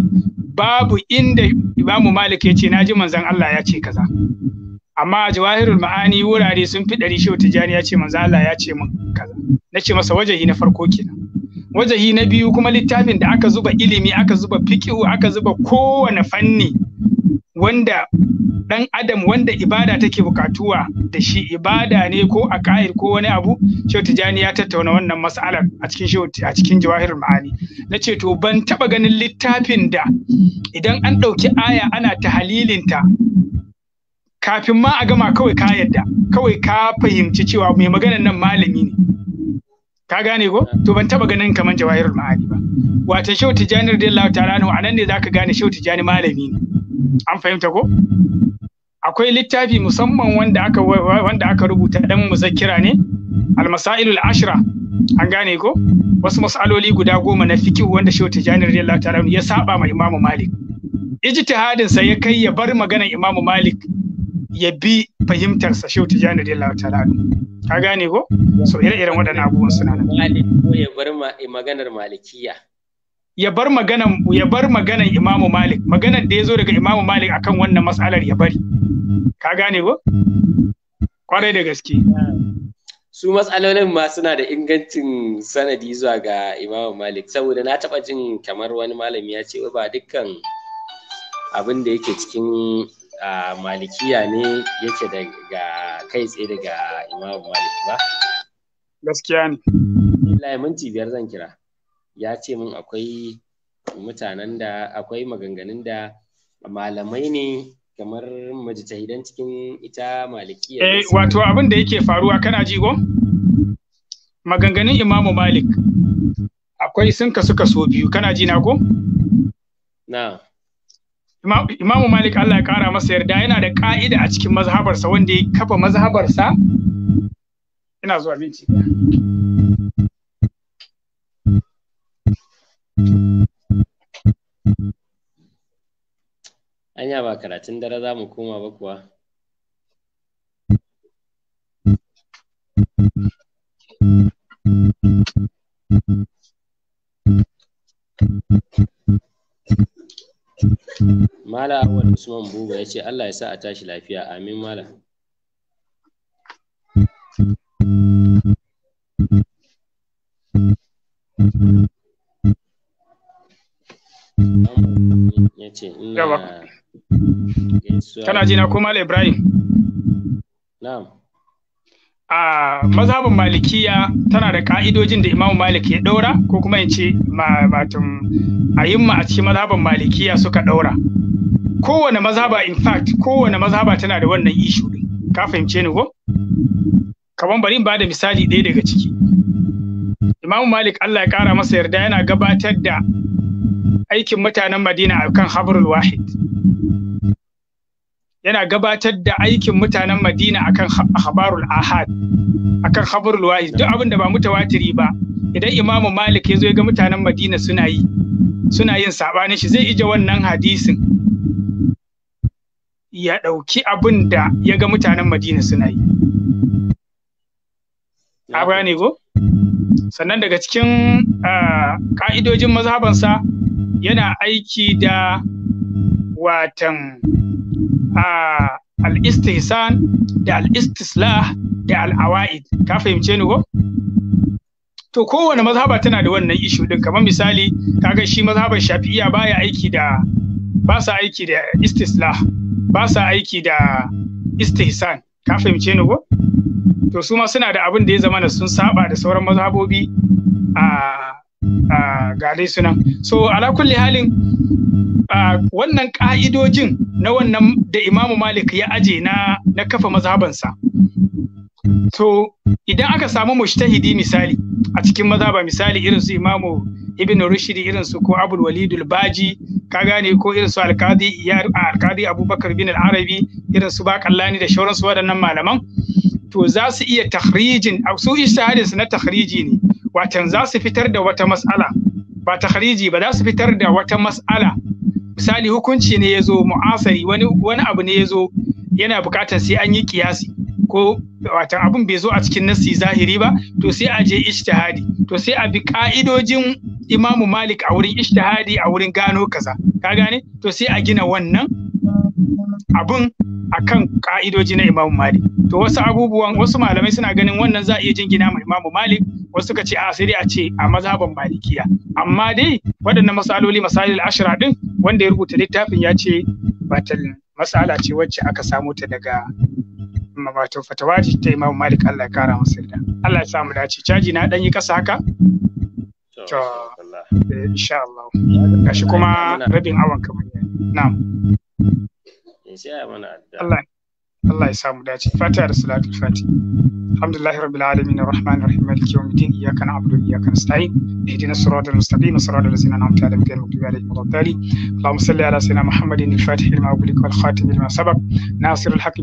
babu inda Imamu Malik ya ce naji manzon Allah ya ce kaza amma a jawahirul ma'ani wurare sun fi ɗari wata Jani ya ce manzo Allah ya ce min kaza na ce masa wajahi na farko kenan wajahi na biyu kuma littafin da aka zuba ilimi aka zuba fiqhu aka zuba kowane fanni wanda ɗan adam wanda ibada take bukatuwa da shi ibada ne ko a ƙa'ir ko wani abu shehu Jani ya tattauna wannan mas'alar a cikin shehu a cikin jawahir ma'ani na ce to ban taba ganin littafin da idan an ɗauki aya ana tahalilinta kafin ma a gama kawai ka yadda kawai ka fahimci cewa mai maganan nan malami ne ka gane ko to ban taba ganin kaman jawahirul ma'ani ba wato shehu tijani radiyallahu ta'ala anhu anan ne zaka gane shehu tijani malami ne an fahimta ko akwai littafi musamman wanda aka wanda aka rubuta dan muzakkira ne almasailul ashra an gane ko wasu masaloli guda goma na fikihu wanda shehu tijani radiyallahu ta'ala ya saba ma imamu malik ijtihadin sa ya kai ya bar maganar imamu malik ya bi fahimtar sa shehu tijani da Allah rabu ka gane ko so ire-iren waɗannan abubuwan suna nan ya bar eh, maganar malikiya ya bar maganar ya bar maganan Imam Malik maganar da ya zo daga Imam Malik akan wannan mas'alar ya bari ka gane ko kwarai da gaske su matsalolin ma suna da ingancin sanadi zuwa ga Imam Malik saboda na taɓa jin kamar wani malami ya ce ba dukkan abin da yake cikin malikiya ne yake daga kai tsaye daga imamu malik ba gaskiya ne wallahi minti biyar zan kira ya ce min akwai mutanen da akwai maganganun da malamai ne kamar majitahidan cikin ita malikiya eh wato abin da yake faruwa kana ji go maganganun imamu malik akwai sun kasu kaso biyu kana ji na ko na Imamu Malik Allah ya kara masa yarda yana da ka'ida a cikin mazhabarsa wanda ya kafa mazhabarsa ina zuwa minti Anya ba karatun dare za mu koma ba kuwa. Mala Awad Usman Buba ya ce Allah ya sa a tashi lafiya. Amin Mala. Ya ce ina gaisuwa. kuma Ibrahim? Na'am. a mazhabin malikiya tana da ka'idojin da imamu malik ya daura ko kuma in ce matum ma a cikin mazhabin malikiya suka daura kowane mazhaba in fact kowane mazhaba tana da wannan ishu ne ka fahimce ni ko kaman bari in ba da misali ɗaya daga ciki imamu malik allah ya kara masa yarda yana gabatar da aikin mutanen madina akan habrul wahid yana gabatar da aikin mutanen Madina akan habarul ahad akan habarul wahid duk abin da ba mutawatiri ba idan Imam Malik ya zo ya ga mutanen Madina suna yi suna yin sabanin shi zai ije wannan hadisin ya ɗauki abin da ya ga mutanen Madina suna yi a gane ko sannan daga cikin ka'idojin mazhabansa yana aiki da watan al-istihsan da al da al ka fahimce ni ko to kowane mazhaba tana da wannan ishu din kamar misali ka ga shi mazhaban shafiiya baya aiki da ba sa aiki da istisla ba sa aiki da istihsan ka fahimce ni ko to su ma suna da abin da ya zama sun saba da sauran mazhabobi a ga dai sunan so ala kulli halin wannan ka'idojin na wannan da imamu malik ya aje na na kafa mazhabansa so idan aka samu mushtahidi misali a cikin mazhaba misali irin su imamu ibn rushdi irin su ko abul walidul baji ka gane ko irin su alkadi ya alkadi abubakar bin al-arabi irin su baqallani da shauransu waɗannan malaman to za su iya tahrijin su su na tahriji ne watan za su fitar da wata mas'ala ba tahriji ba za su fitar da wata mas'ala misali hukunci ne ya zo mu'asari wani wani abu ne ya zo yana buƙatar sai an yi kiyasi ko watan abin bai zo a cikin nassi zahiri ba to sai a je ishtihadi to sai a bi ka'idojin imamu malik a wurin ishtihadi a wurin gano kaza ka gane to sai a gina wannan abun kan ka'idoji na Imam Malik to wasu abubuwan wasu malamai suna ganin wannan za a iya jingina ma Imam Malik wasu ka ce a sai a ce a mazhaban Malikiya amma dai waɗannan masaloli masali ashira din wanda ya rubuta littafin ya ce batal masala ce wacce aka samo ta daga wato fatawa ta imamu Malik Allah ya kara masa yarda Allah ya samu dace caji na ɗan yi ƙasa haka to eh, insha gashi kuma rabin awon kamar na'am الله الله يسامو داتي فاتي على الصلاة الفاتي الحمد لله رب العالمين الرحمن الرحيم مالك يوم الدين اياك نعبد واياك نستعين اهدنا الصراط المستقيم الصراط الذين انعمت عليهم غير المغضوب عليهم ولا الضالين اللهم صل على سيدنا محمد الفاتح لما اغلق والخاتم لما سبق ناصر الحق